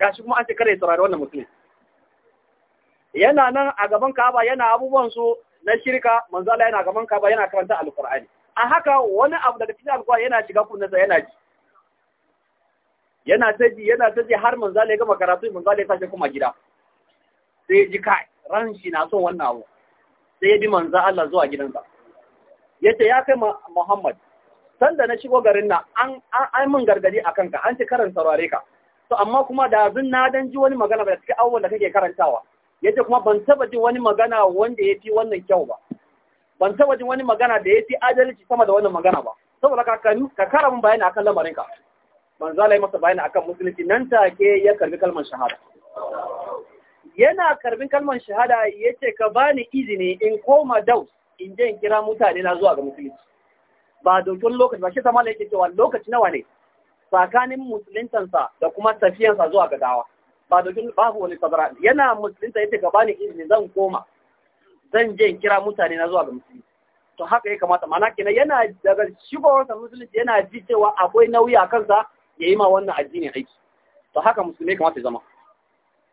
Speaker 1: gashi kuma an ce ya tsirare wannan mutum yana nan a gaban Ka'aba yana abubuwan su na shirka manzo Allah yana gaban Ka'aba yana karanta alqur'ani a haka wani abu daga cikin alqur'ani yana shiga kunnensa yana ji yana taji yana taji har manzo Allah ya gama karatu manzo Allah ya tashi kuma gida sai ji kai ran shi na son wannan abu sai ya bi manzo Allah zuwa gidansa yace ya kai Muhammad sanda na shigo garin nan an an mun gargadi akan ka an ci karan saurare ka to amma kuma da zun na dan ji wani magana da cikin awon da kake karantawa yace kuma ban taba ji wani magana wanda ya fi wannan kyau ba ban taba ji wani magana da ya fi adalci sama da wannan magana ba saboda ka ka kara mun bayani akan lamarin ka manzo Allah ya masa bayani akan musulunci nan take ya karbi kalmar shahada yana karbin kalmar shahada ya ce ka bani izini in koma daus in je in kira mutane na zuwa ga musulunci ba dokin lokaci ba shi sama da yake cewa lokaci nawa ne tsakanin musuluntansa da kuma tafiyansa zuwa ga dawa ba dokon babu wani sadara yana musulunta ya ce ka bani izini zan koma zan je in kira mutane na zuwa ga musulunci to haka ya kamata mana kenan yana daga shigowarsa musulunci yana ji cewa akwai nauyi a kansa ya yi ma wannan addinin aiki to haka musulmai kamata ya zama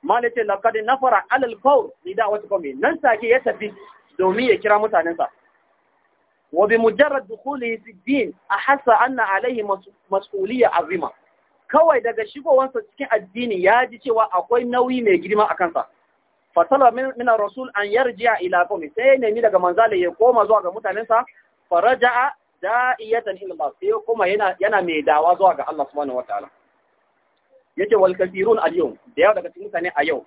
Speaker 1: malace na fara alal ni da wata kome nan take ya tafi domin ya kira mutanensa wa bi mujarrad dukhulihi fi din ahassa anna alaihi mas'uliyya azima kawai daga shigowansa cikin addini ya ji cewa akwai nauyi mai girma a kansa fatala min rasul an yarji'a ila qawmi sai ya nemi daga manzala ya koma zuwa ga mutanensa faraja'a da'iyatan ila Allah sai kuma yana mai dawa zuwa ga Allah subhanahu yace wal kafirun al yau da yawa daga cikin mutane a yau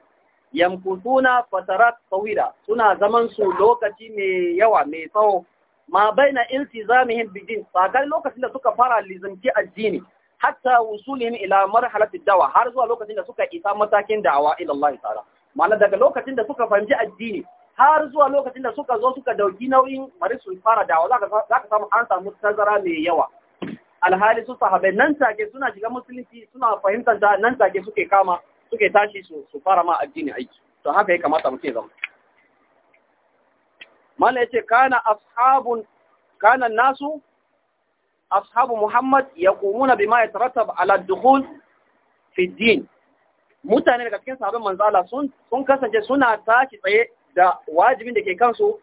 Speaker 1: yamkusuna fatarat tawila suna zaman su lokaci mai yawa mai tsawo ma baina intizamihim bidin sakar lokacin da suka fara lizanci addini hatta wusulihim ila marhalati dawa har zuwa lokacin da suka isa matakin da'awa ila Allah ta'ala ma'ana daga lokacin da suka fahimci addini har zuwa lokacin da suka zo suka dauki nauyin bari su fara da'awa zaka samu an samu tazara mai yawa alhali su sahabai nan take suna shiga musulunci suna fahimtar ta nan take suke kama suke tashi su su fara ma addini aiki to haka ya kamata muke zama mala yace kana ashabun kana nasu ashabu muhammad yaqumuna bima yatarattab ala dukhul fi din mutane daga cikin sahabban manzo sun sun kasance suna tashi tsaye da wajibin da ke kansu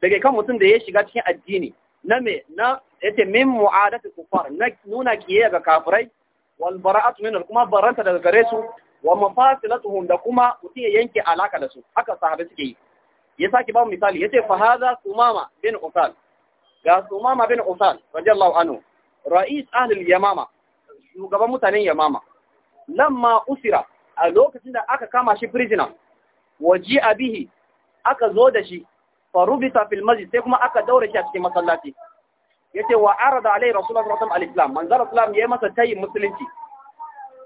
Speaker 1: da ke kan mutum da ya shiga cikin addini na me na yace min mu'adati kufar na nuna kiyaye ga kafirai wal bara'atu kuma baranta daga gare su wa mafasilatuhum da kuma mutum ya yanke alaka da su haka sahabi suke yi ya saki ba misali yace fa hadha sumama bin usal ga sumama bin usal radiyallahu anhu ra'is ahli yamama shugaban mutanen yamama lamma usira a lokacin da aka kama shi prisoner waji abihi aka zo da shi فربط في المسجد سيكما أكا دورة شخص في مصلاتي يتي وعرض عليه رسول الله صلى الله عليه وسلم الإسلام منظر الإسلام يمسى تاي مسلمتي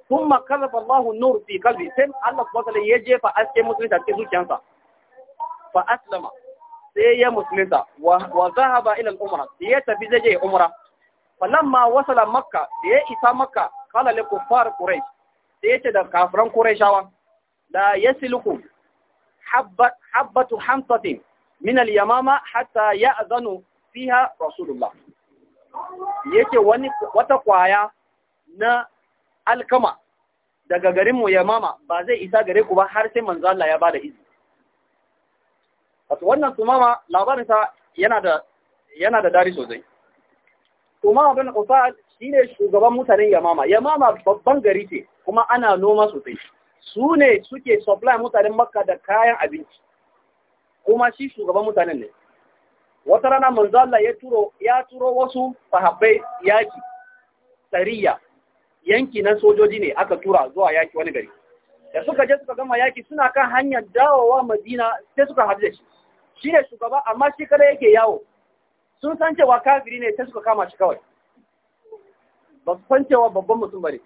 Speaker 1: ثم كذب الله النور في قلبي ثم الله صلى الله عليه وسلم يجي فأسكي مسلمتا كذو كانسا فأسلم سيئ مسلمتا وذهب إلى الأمرة سيئت في زجي أمرة فلما وصل مكة سيئ إسا مكة قال لكفار قريش سيئت دا كافران قريشا لا يسلكم حبة حبة حمصة min al-yamama hatta ya'zanu fiha rasulullah yake wani wata kwaya na alkama daga garin mu yamama ba zai isa gare ku ba har sai manzo Allah ya bada izini wato wannan tumama labarin sa yana da yana da dari sosai Tumama bin usad shine shugaban mutanen yamama yamama babban gari ce kuma ana noma sosai su ne suke supply mutanen makka da kayan abinci kuma shi shugaban mutanen ne wata rana manzo Allah ya turo ya turo wasu sahabbai yaki sariya yanki na sojoji ne aka tura zuwa yaki wani gari da suka je suka gama yaki suna kan hanyar dawowa Madina sai suka haɗu da shi shi ne shugaba amma shi kada yake yawo sun san cewa kafiri ne sai suka kama shi kawai ba su san cewa babban mutum bane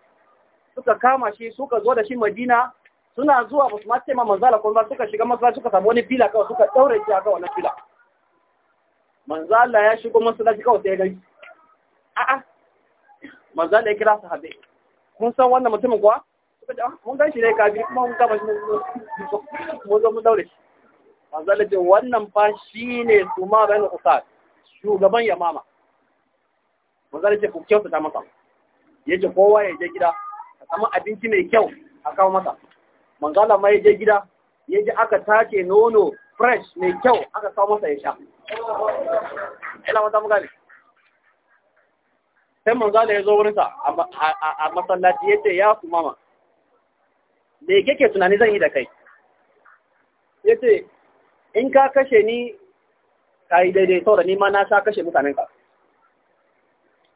Speaker 1: suka kama shi suka zo da shi Madina suna zuwa ba su ma ce ma manzala kuma suka shiga masallaci suka samu wani fila kawai suka daure shi ga wannan fila manzala ya shigo masallaci kawai sai ya gani a'a manzala ya kira haɗe kun san wannan mutumin kuwa ah, mun gan shi ne kafi kuma mun gaba shi mun zo mun daure shi manzala ce wannan fa shine su ma na kusa shugaban yamama manzala ce ku kyautata masa yace kowa ya je gida a samu abinci mai kyau a kawo masa mangala ma ya je gida ya ji aka tace nono fresh mai kyau aka kawo masa ya sha ina mata mu sai mangala ya zo wurinsa a masallaci ya ce ya su mama me kake tunani zan yi da kai ya ce in ka kashe ni ka yi daidai saura ni ma na sha kashe mutanenka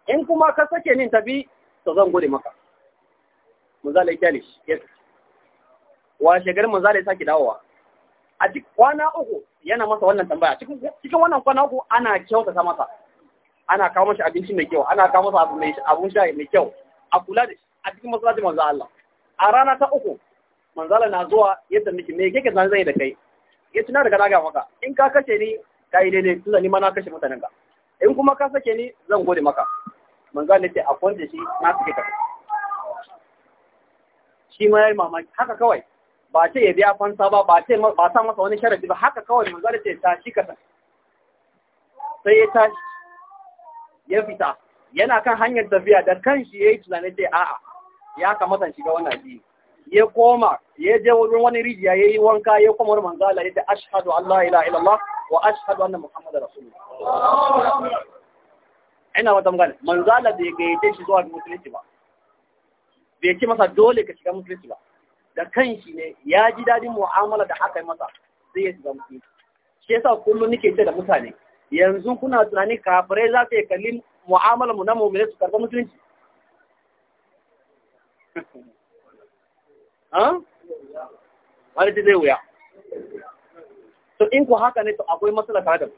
Speaker 1: in kuma ka sake ni tafi to zan gode maka manzala ya kyale shi Wa garin manzo Allah ya sake dawowa a cikin kwana uku yana masa wannan tambaya cikin cikin wannan kwana uku ana kyautata masa ana kawo masa abinci mai kyau ana kawo masa abin mai abun sha mai kyau a kula da a cikin masallacin manzo Allah a rana ta uku manzo Allah na zuwa yadda nake me yake zan zai da kai ya tuna daga daga maka in ka kace ni ka yi ne tunda ni ma na kashe mutanen ka in kuma ka sake ni zan gode maka manzo Allah ce a kwance shi na sake ka shi ma yayi mamaki haka kawai ba ce ya biya fansa ba ba ce ba sa masa wani sharadi ba haka kawai manzo ce ta shi ka sai ya tashi ya fita yana kan hanyar tafiya da kanshi yi tunanin ce a'a ya kamata shiga wannan addini ya koma ya je wurin wani rijiya ya yi wanka ya koma wani manzala ya ce ashadu Allah, ila ila wa ashhadu anna muhammadar rasulullah ina wata magana manzala da ya gayyace shi zuwa musulunci ba bai ce masa dole ka shiga musulunci ba da kanshi ne ya ji dadin mu'amala da aka yi masa sai ya shiga musulunci shi yasa kullum nake ce da mutane yanzu kuna tunani kafirai za su yi kalli mu'amala mu na mu'mini su karɓi musulunci wani ta zai wuya to in ku haka ne to akwai matsala tare da mu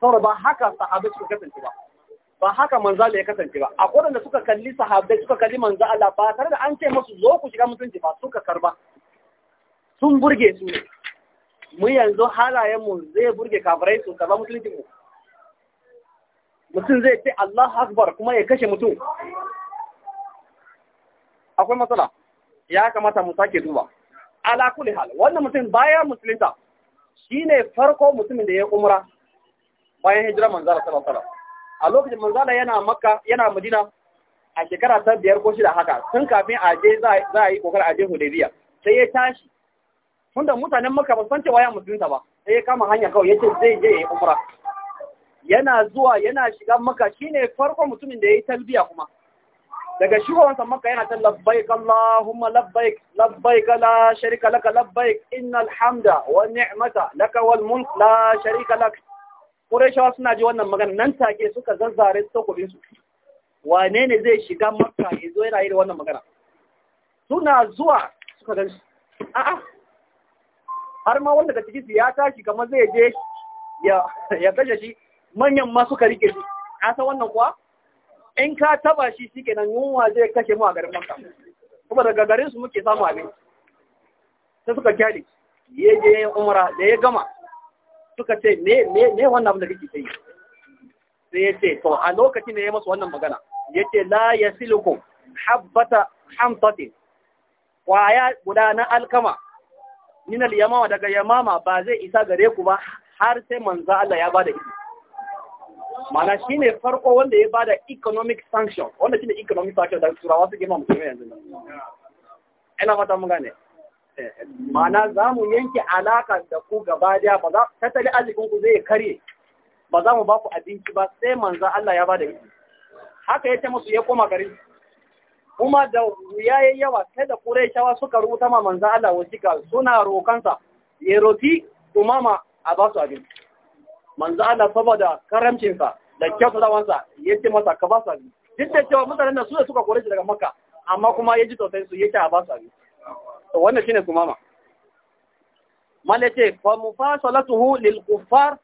Speaker 1: saboda ba haka sahabai suka kasance ba ba haka manzo Allah ya kasance ba akwai wanda suka kalli sahabbai suka kalli manzo Allah ba tare da an ce musu zo ku shiga mutunci ba suka karba sun burge su ne mu yanzu halayen mu zai burge kafirai su karba mutunci mu mutum zai ce Allah akbar kuma ya kashe mutum akwai matsala ya kamata mu sake duba ala kulli hal wannan mutum baya musulunta shine farko mutumin da ya umra bayan hijira manzo Allah sallallahu alaihi wasallam a lokacin manzala yana makka yana madina a shekara ta biyar ko shida haka tun kafin a je za a yi kokar a je hudaybiya sai ya tashi tunda mutanen makka ba san cewa ya musulunta ba sai ya kama hanya kawai yace zai je ya yi umra yana zuwa yana shiga makka shine farko mutumin da ya yi talbiya kuma daga shigowansa makka yana ta labbaik Allahumma labbaik labbaik la sharika laka labbaik innal hamda wa ni'mata laka wal mulk la sharika laka Qurayshawa suna ji wannan magana nan take suka zazzare su takobin su wane ne zai shiga Makka ya zo yana yi da wannan magana suna zuwa suka gan shi a'a har ma wanda daga cikin ya tashi kamar zai je ya kashe shi manyan ma suka rike shi a san wannan kuwa in ka taba shi shi kenan yunwa zai kashe mu a garin Makka kuma daga garin su muke samu abinci sai suka kyale ya je umra da ya gama suka ce me wannan abin da kake yi sai ya ce to a lokacin da ya masu wannan magana ya ce la ya yasilukum habbata hamtatin kwaya guda na alkama nina yamama daga yamama ba zai isa gare ku ba har sai manza Allah ya bada ido mana ne farko wanda ya bada economic sanction wanda shi ne economic sanction da turawa su ma musulmai yanzu ina fata mun gane Mana za mu yanke alaƙar da ku gaba daya ba za tattalin arzikin ku zai kare ba za mu ba ku abinci ba sai manzan Allah ya ba da Haka ya ce musu ya koma gari. Kuma da wuya ya yawa sai da shawa suka rubuta ma manzan Allah wasiƙa suna rokansa ya roki ma a ba su abinci. Manzan Allah saboda karamcinsa da kyautatawansa ya ce masa ka ba su abinci. Duk da cewa mutanen da su da suka kore shi daga Makka amma kuma ya ji tausayin su ya ce a ba su abinci. to wannan shine sumama malace fa mufasalatuhu lil Kufar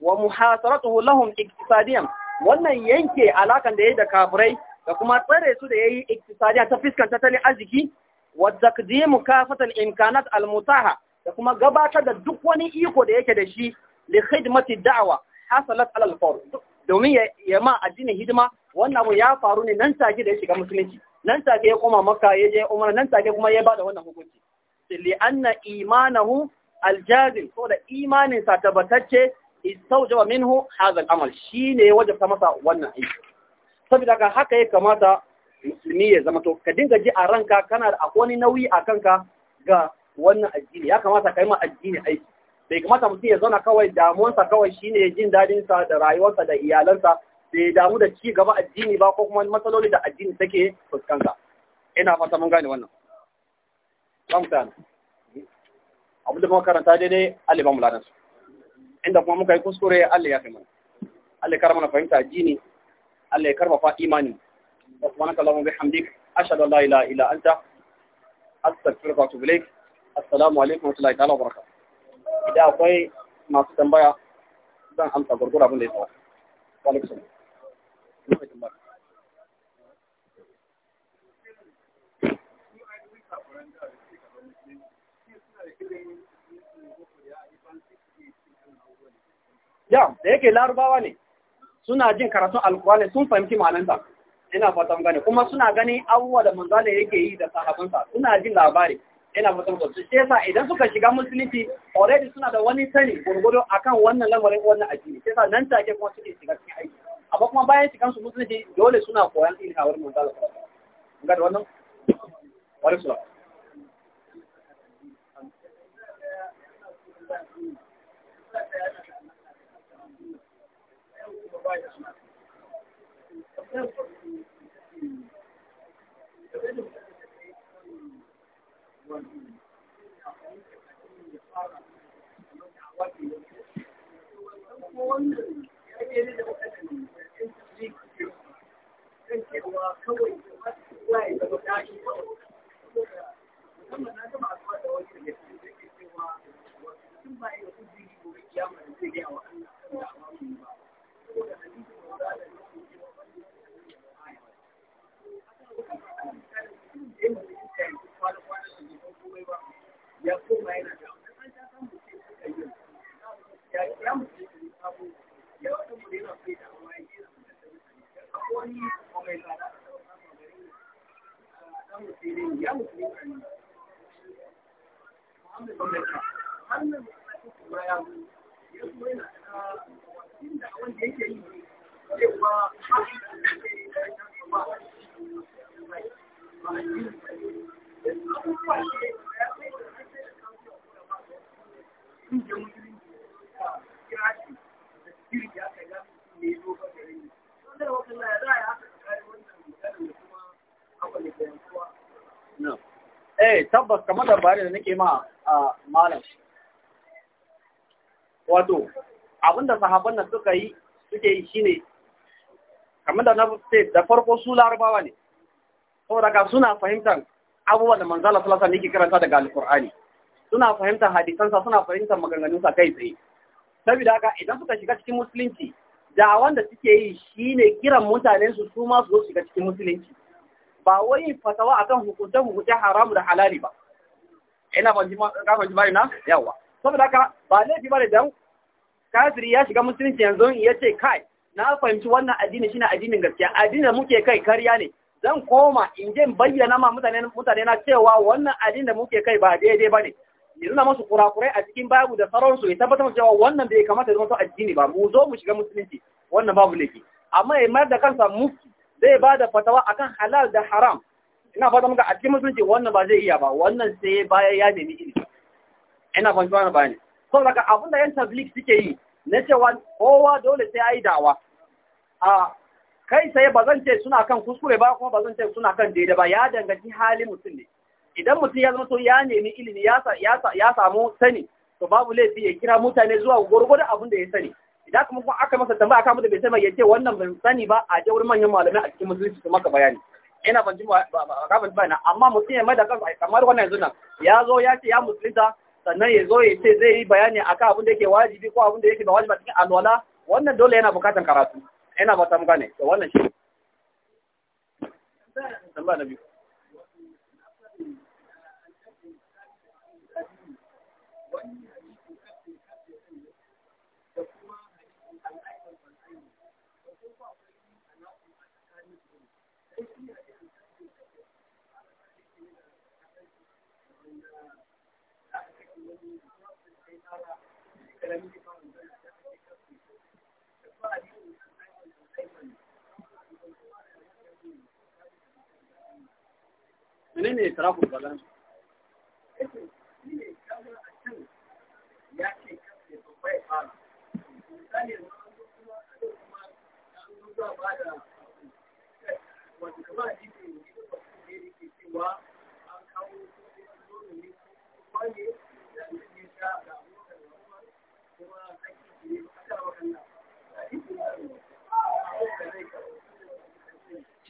Speaker 1: wa muhasaratuhu lahum iktisadiyan wannan yanke alakan da yayi da kafirai da kuma tsare su da yayi iktisadiya ta fiskan tattalin arziki wa taqdimu kafatal imkanat al mutaha da kuma gabatar da duk wani iko da yake da shi li khidmati da'wa hasalat al fawr domin ya ma addinin hidima wannan ya faru ne nan take da ya shiga musulunci nan take ya koma maka ya je umar nan take kuma ya ba wannan hukunci li anna imanahu aljazim ko da imanin sa tabbatacce istawjaba minhu hadha al-amal shine ya ta masa wannan aiki saboda ka haka ya kamata musulmi ya zama to ka dinga ji a ranka kana da akwai nauyi a kanka ga wannan addini ya kamata ka yi ma addini aiki bai kamata mutum ya zauna kawai damuwarsa kawai shine jin dadin sa da rayuwarsa da iyalansa bai damu da ci gaba addini ba ko kuma matsaloli da addini take fuskanta ina fata mun gane wannan zan abu da muka karanta daidai Allah ba mu ladan su inda kuma muka yi kuskure Allah ya kai mana Allah ya karama na fahimta addini Allah ya karfafa imani subhanaka allahumma bihamdik ashhadu an la ilaha illa anta astaghfiruka wa atubu ilaik assalamu alaikum wa rahmatullahi wa barakatuh idan akwai masu tambaya zan amsa gurgura abin da ya tsawo. Walaikun Ya, da yake larubawa ne, suna jin karatun alkuwane sun fahimci ma'ananta, ina fatan gane, kuma suna ganin abubuwa da manzana yake yi da sahabansa, suna jin labari, ina fatan gane. Su sa idan suka shiga musulunci, already suna da wani sani gurgudu kan wannan lamarin wannan sai sa nan take kuma suke shiga cikin aiki. Amma kuma bayan shigan su musulunci dole suna koyan ilimin a wurin manzana. Ga da wannan? Wani sura. tabbas kamar labarin da nake ma a malam wato abinda sahabban nan suka yi suke yi shine kamar da na ce da farko su larabawa ne saboda suna fahimtar abubuwan da manzala sallallahu alaihi wasallam karanta daga alqur'ani suna fahimtar hadisansa suna fahimtar sa kai tsaye saboda haka idan suka shiga cikin musulunci da wanda suke yi shine kiran mutanen su su ma su shiga cikin musulunci ba wai fatawa akan hukunce hukunce haramu da halali ba Eh, ina fahimci bari na yawa saboda haka ba laifi bane dan kafiri ya shiga musulunci yanzu ya ce kai na fahimci wannan addini shine addinin gaskiya addini da muke kai kariya ne zan koma in je bayyana ma mutane mutane na cewa wannan addini da muke kai ba daidai bane ya nuna masu kurakurai a cikin babu da sauransu ya tabbatar cewa wannan bai kamata zama su addini ba mu zo mu shiga musulunci wannan babu laifi amma ya mayar da kansa mufti zai ba da fatawa akan halal da haram ina fata muka a cikin musulunci wannan ba zai iya ba wannan sai bayan ya nemi ilimi ina fahimci wannan bayani so daga abin da yan tablik suke yi na cewa kowa dole sai ayi dawa a kai sai ba zan ce suna kan kuskure ba kuma ba zan ce suna kan daidai ba ya danganci halin mutum ne idan mutum ya zama to ya nemi ilimi ya samu sani to babu laifi ya kira mutane zuwa gwargwadon abin da ya sani idan kuma aka masa tambaya aka da bai sani ya ce wannan ban sani ba a ce wurin manyan malamai a cikin musulunci su maka bayani ina ban ji rabin bana amma mutum ya da kansa kamar wannan yanzu nan ya zo ya ce ya musulunta sannan ya zo ya ce zai yi bayani akan abin da yake wajibi ko abin da yake ba wajibi cikin alwala wannan dole yana bukatan karatu ina ba ta mu gane to wannan shi tambaya na biyu Mene ne tarafin balan?
Speaker 2: Ya ce kafin bai fara. Misali kuma a zo kuma da cewa an kawo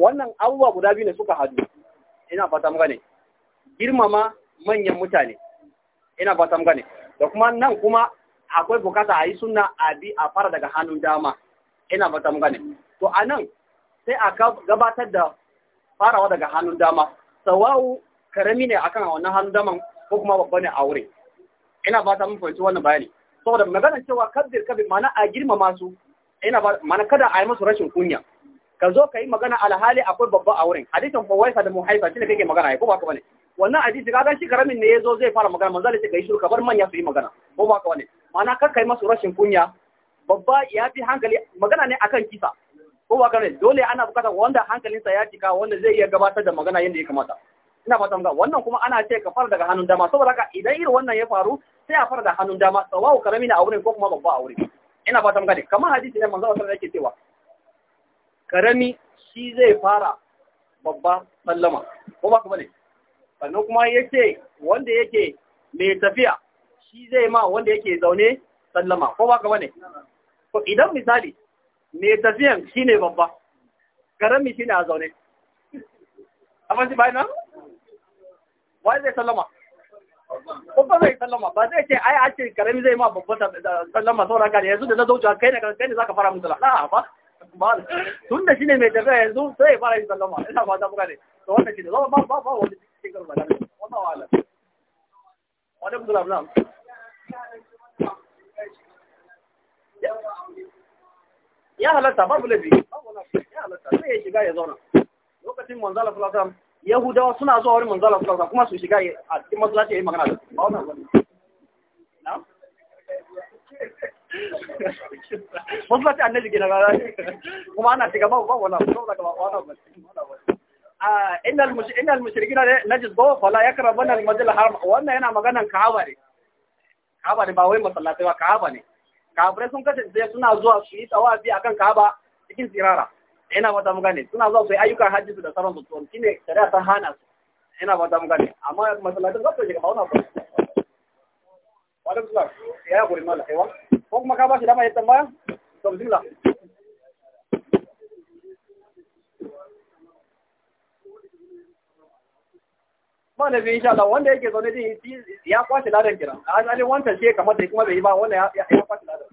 Speaker 1: wannan abubuwa guda biyu ne suka hadu ina fata muka girmama manyan mutane ina fata muka da kuma nan kuma akwai bukata a yi suna abi a fara daga hannun dama ina fata muka to a nan sai a gabatar da farawa daga hannun dama sawawu karami ne akan wannan hannun dama ko kuma babba ne a wurin ina fata mun fahimci wannan bayani saboda magana cewa kabir kabir mana a girmama su ina ba, mana kada a yi musu rashin kunya ka zo ka yi magana alhali akwai babba a wurin hadisin fawaisa da muhaifa shine kake magana ko ba ka bane wannan hadisi kaga shi karamin ne yazo zai fara magana manzo sai kai shiru ka bar manya su yi magana ko ba ka bane ma'ana kar kai masu rashin kunya babba ya fi hankali magana ne akan kisa ko ba ka bane dole ana bukatar wanda hankalinsa ya cika wanda zai iya gabatar da magana yadda ya kamata ina fata ga wannan kuma ana ce ka fara daga hannun dama saboda haka idan irin wannan ya faru sai a fara da hannun dama tsawawu karami a wurin ko kuma babba a wurin ina fata muka kamar hadisi ne manzo sallallahu alaihi wasallam yake cewa karami shi zai fara babba sallama ko ba kuma ne sannan kuma yake wanda yake mai tafiya shi zai ma wanda yake zaune sallama ko ba kuma ne to idan misali mai tafiyan shine babba karami shine a zaune amma shi bayan nan wai zai sallama babba zai sallama ba zai ce ai a ce karami zai ma babba sallama saboda ne yanzu da na zo kai ne kai ne zaka fara mutala a'a ba tun da shi ne mai tafiya yanzu sai ya fara yin sallama ina ta buga ne to wannan shi ne ba ba ba wani cikin karfa da wannan wahala wani musulam na ya halatta babu laifi ya halatta sai ya shiga ya zauna lokacin manzala sallallahu alaihi wasallam yahudawa suna zuwa wurin manzala sallallahu kuma su shiga a cikin masallaci yayin magana da ba wannan wasu lati annabi gina rara kuma ana shiga ba ba wala ko da ba wala ba innal mush innal mushrikina najis ba fala yakrabuna al majal haram wannan yana maganan kaaba ne kaaba ne ba wai masallatai ba kaaba ne kafirai sun kace sai suna zuwa su yi tawafi akan kaaba cikin sirara ina ba ta mugane suna zuwa su yi ayyukan hajji su da sauran su shine shari'a ta hana su ina ba ta mugane amma masallatai za su shiga ba wannan ba Wadda suna ya yi guri mala kaiwa. kuma ka ba shi dama tambaya? insha Allah wanda yake zaune din ya kwace ladan kira. A wancan shi kamar da kuma bai yi ba wanda ya kwace ladan.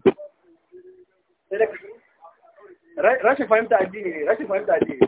Speaker 1: Rashi fahimta addini ne, fahimta addini ne.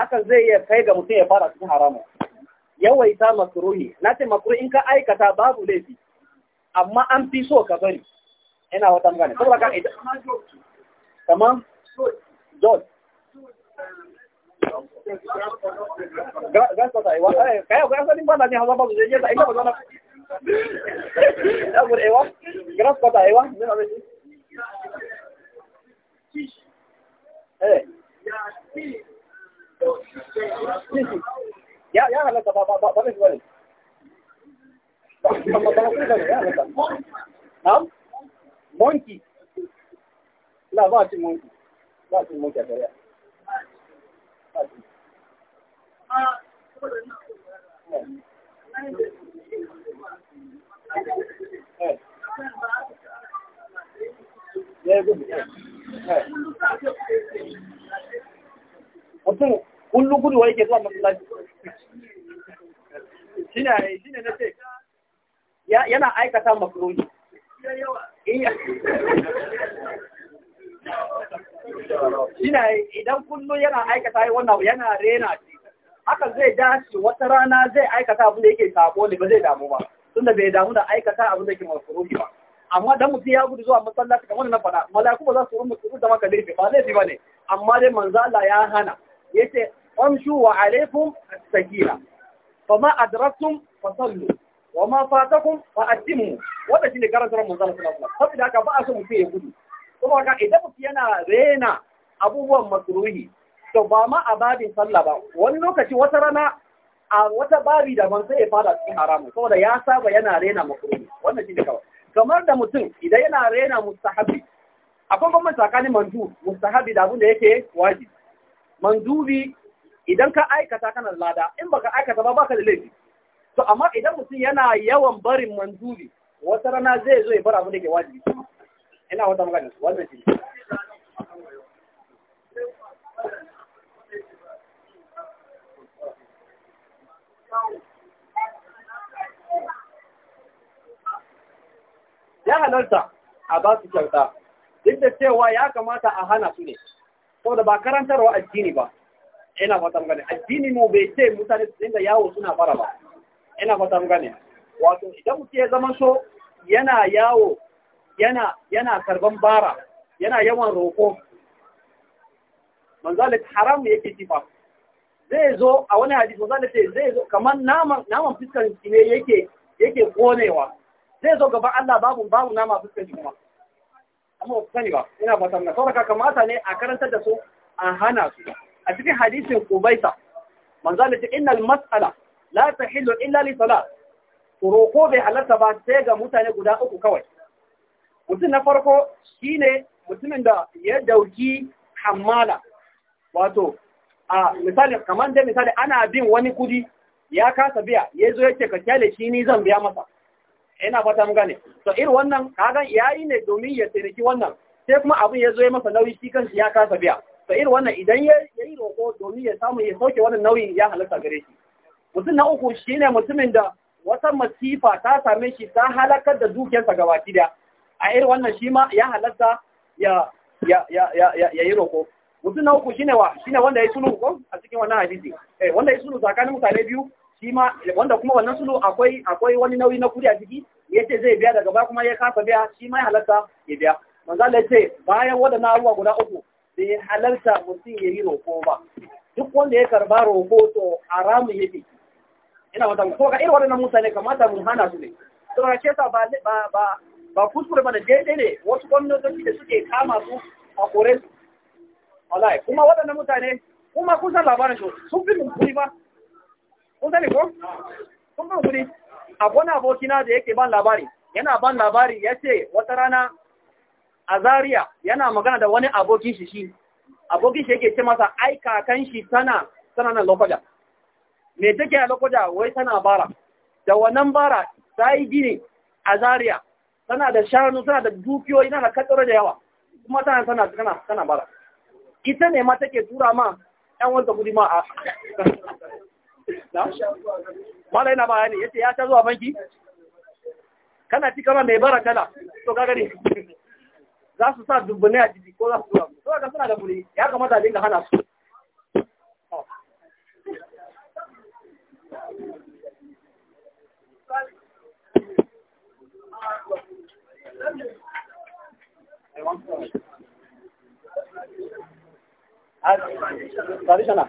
Speaker 1: hakan zai iya kai ga mutum ya fara cikin haramun yawaita makruhi na ce makruhi in ka aikata babu laifi amma an fi so ka bari ina wata magana saboda ka idan tamam jod gracias a Ewa kaya ko ba a ne ya ya halatta ba ba ba ba ne Na'am? Monki. Na ba cin monki. Ba cin monki a gare. Yeah, good. Yeah. Eh. Eh. mutum kullum gudu wani ke zuwa masallaci na ce yana aikata makaroni shine idan kullum yana aikata wannan yana rena shi haka zai dace wata rana zai aikata abin da yake sabo ne ba zai damu ba da bai damu da aikata abin da yake makaroni ba amma dan mutum ya gudu zuwa masallaci kamar na faɗa mala'iku ba za su rumu da maka laifi ba laifi ba ne amma dai manzala ya hana yace amshu wa alaikum as-sakina fama adraktum fasallu wa ma fatakum fa atimmu wanda shine karantar manzo sallallahu alaihi wasallam saboda haka ba a so mutum ya gudu kuma ka idan mutum yana rena abubuwan makruhi to ba ma a babin sallah ba wani lokaci wata rana a wata babi daban sai ya fada cikin haramu saboda ya saba yana rena makruhi wannan shine kawai kamar da mutum idan yana rena mustahabi akwai bambanci tsakanin mantu mustahabi da abin da yake wajibi manzubi idan ka aikata kana lada in baka aikata ba baka da laifi to amma idan mutum yana yawan barin manzubi wata rana zai zo ya bar abin da ke wajibi ina wata magana wannan shi ya halarta a ba su kyauta duk da cewa ya kamata a hana su ne saboda ba karantarwa addini ba ina fatan gane addini mu bai ce mutane su dinga yawo suna fara ba ina fatan gane wato idan mutum ya zama so yana yawo yana yana karban bara yana yawan roko manzalik haram yake tifa zai zo a wani hadisi manzalik ce zai zo kamar naman naman fiskar ne yake yake konewa zai zo gaba Allah babu babu nama fiskar shi kuma ku sani ba ina ba sanna kamata ne a karantar da su a hana su a cikin hadisin ubaisa manzo ne innal mas'ala la tahillu illa li salat roko bai halatta ba sai ga mutane guda uku kawai mutum na farko shine mutumin da ya dauki hammala wato a misali kamar da misali ana bin wani kudi ya kasa biya ya zo ya ce ka kyale shi ni zan biya masa ina fata mun gane to irin wannan kagan yayi ne domin ya tsiriki wannan sai kuma abin ya zo ya masa nauyi shi kansa ya kasa biya to irin wannan idan ya yi roko domin ya samu ya sauke wannan nauyin ya halatta gare shi mutum na uku shine mutumin da wata masifa ta same shi ta halakar da dukiyarsa gabaki daya a irin wannan shi ma ya halatta ya ya ya ya ya yi roko. mutum na uku shine wa shine wanda ya yi sulhu ko a cikin wannan hadisi eh wanda ya yi sulhu tsakanin mutane biyu shi ma wanda kuma wannan sulhu akwai akwai wani nauyi na kudi a ciki yace zai biya daga baya kuma ya kasa biya shi ma ya halarta ya biya manzo Allah yace bayan wadannan abubuwa guda uku sai halarta mutum ya yi roko ba duk wanda ya karba roko to haramu yake
Speaker 2: ina wata ko ga irin
Speaker 1: wannan mutane kamata mun hana su ne to ka ce ba ba ba kuskure ba da daidai ne wasu gwamnatoci da suke kama su a kore su wallahi kuma wadannan mutane kuma kusan labarin su sun fi mun kuri ba kun sani ko kun ban kudi akwai abokina da yake ban labari yana ban labari ya ce wata rana a Zaria yana magana da wani abokin shi shi abokin shi yake ce masa ai kakan shi tana tana nan lokoja me take a lokoja wai tana bara da wannan bara ta yi gini a Zaria tana da shanu tana da dukiyoyi tana katsara da yawa kuma tana tana tana tana bara ita ne ma take tura ma ɗan wanda kudi ma a Mala yana bayani yace ya ta zuwa banki kana ci kama mai barakala to ga gani. za su sa dubbune a jiji ko za su zuwa to ga suna da muni ya kamata a dinga hana su
Speaker 2: Traditional.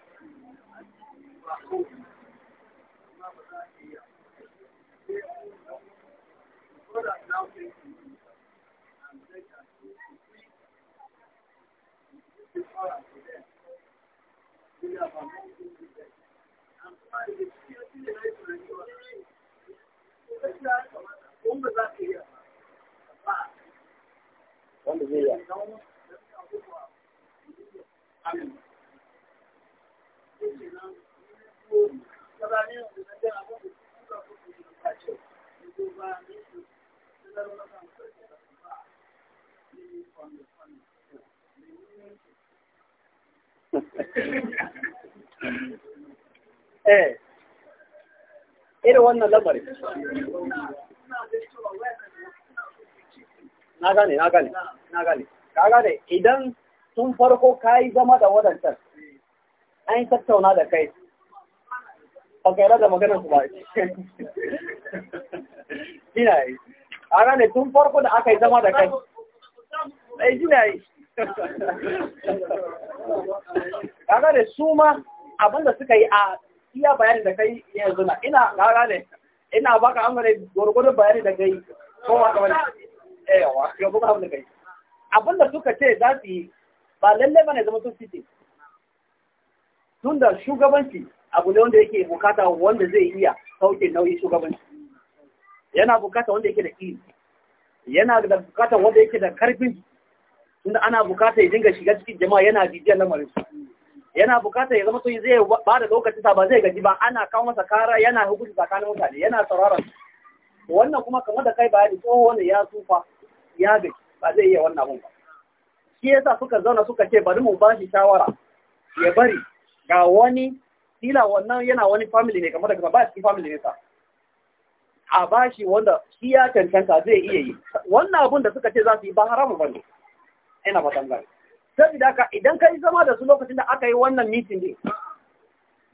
Speaker 2: wanda zai yi Amin. Eh, irin wannan lamarin na gane na gane
Speaker 1: na gane ka gane idan sun farko ka yi zama da wadancan an yi tattauna da kai ba da magana su ba ina yi a gane tun farko da aka yi zama da kai ɗai jina yi a gane su ma abinda suka yi a iya bayani da kai yanzu na ina a gane ina baka an gane gwargwadon bayani da kai
Speaker 2: ko ma kamar
Speaker 1: eh, yawa ya kuma abin da kai abinda suka ce za su yi ba lallai ba ne zama sun fiti tun da shugabanci abu ne wanda yake bukata wanda zai iya sauke nauyi shugabanci yana bukata wanda yake da ƙi yana da bukata wanda yake da karfin tunda ana bukata ya dinga shiga cikin jama'a yana bibiyar lamarin yana bukata ya zama to zai ba da lokacin sa ba zai gaji ba ana kawo masa kara yana hukunci tsakanin mutane yana sauraron wannan kuma kamar da kai bayani tsoho wanda ya tsufa ya gaji ba zai iya wannan abun ba shi yasa suka zauna suka ce bari mu ba shi shawara ya bari ga wani kila wannan yana wani family ne kamar daga ba cikin family ne sa a bashi wanda shi ya cancanta zai iya yi wannan abun da suka ce za su yi ba haramu bane ina fatan gani saboda ka idan kai zama da su lokacin da aka yi wannan meeting din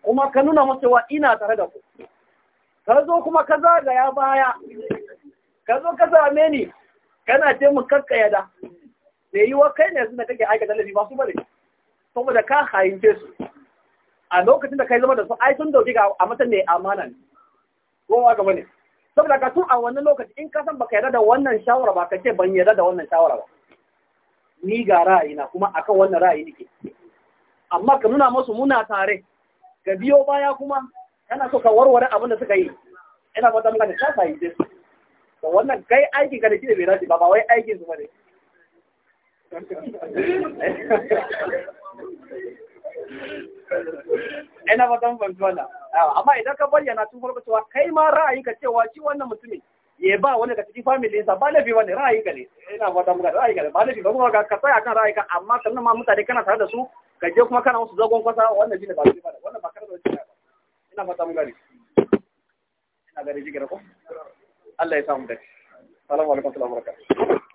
Speaker 1: kuma ka nuna masa cewa ina tare da ku ka zo kuma ka zagaya baya ka zo ka same ni kana ce mu kakkaya da da yi wa kai ne suna kake aikata laifi ba su bane saboda ka hayince su a lokacin da kai zama da su ai sun dauki ga a matan ne amana ne ko ga bane saboda ka tun a wannan lokaci in ka san baka yarda da wannan shawara ba ka ce ban yarda da wannan shawara ba ni ga ra'ayi na kuma akan wannan ra'ayi nake amma ka nuna musu muna tare ga biyo baya kuma kana so ka warware abin da suka yi ina fata muka ne ta sai dai to wannan kai aikin ka da kike bai dace ba ba wai aikin su bane ina ba don ban wannan amma idan ka bayyana tun farko cewa kai ma ra'ayi ka cewa shi wannan mutumin ya ba wani ka cikin family sa ba lafi wani ra'ayi ka ne ina ba don ra'ayi ka ne ba lafi ba kuma ka tsaya kan ra'ayi ka amma sannan ma mutane kana tare da su ka je kuma kana musu zagon kwasa wannan jini ba laifi ba wannan ba karɓar da shi ba ina ba don gani ina gari jigira ko Allah ya samu dai Salamu alaikum wa rahmatullahi wa barakatuh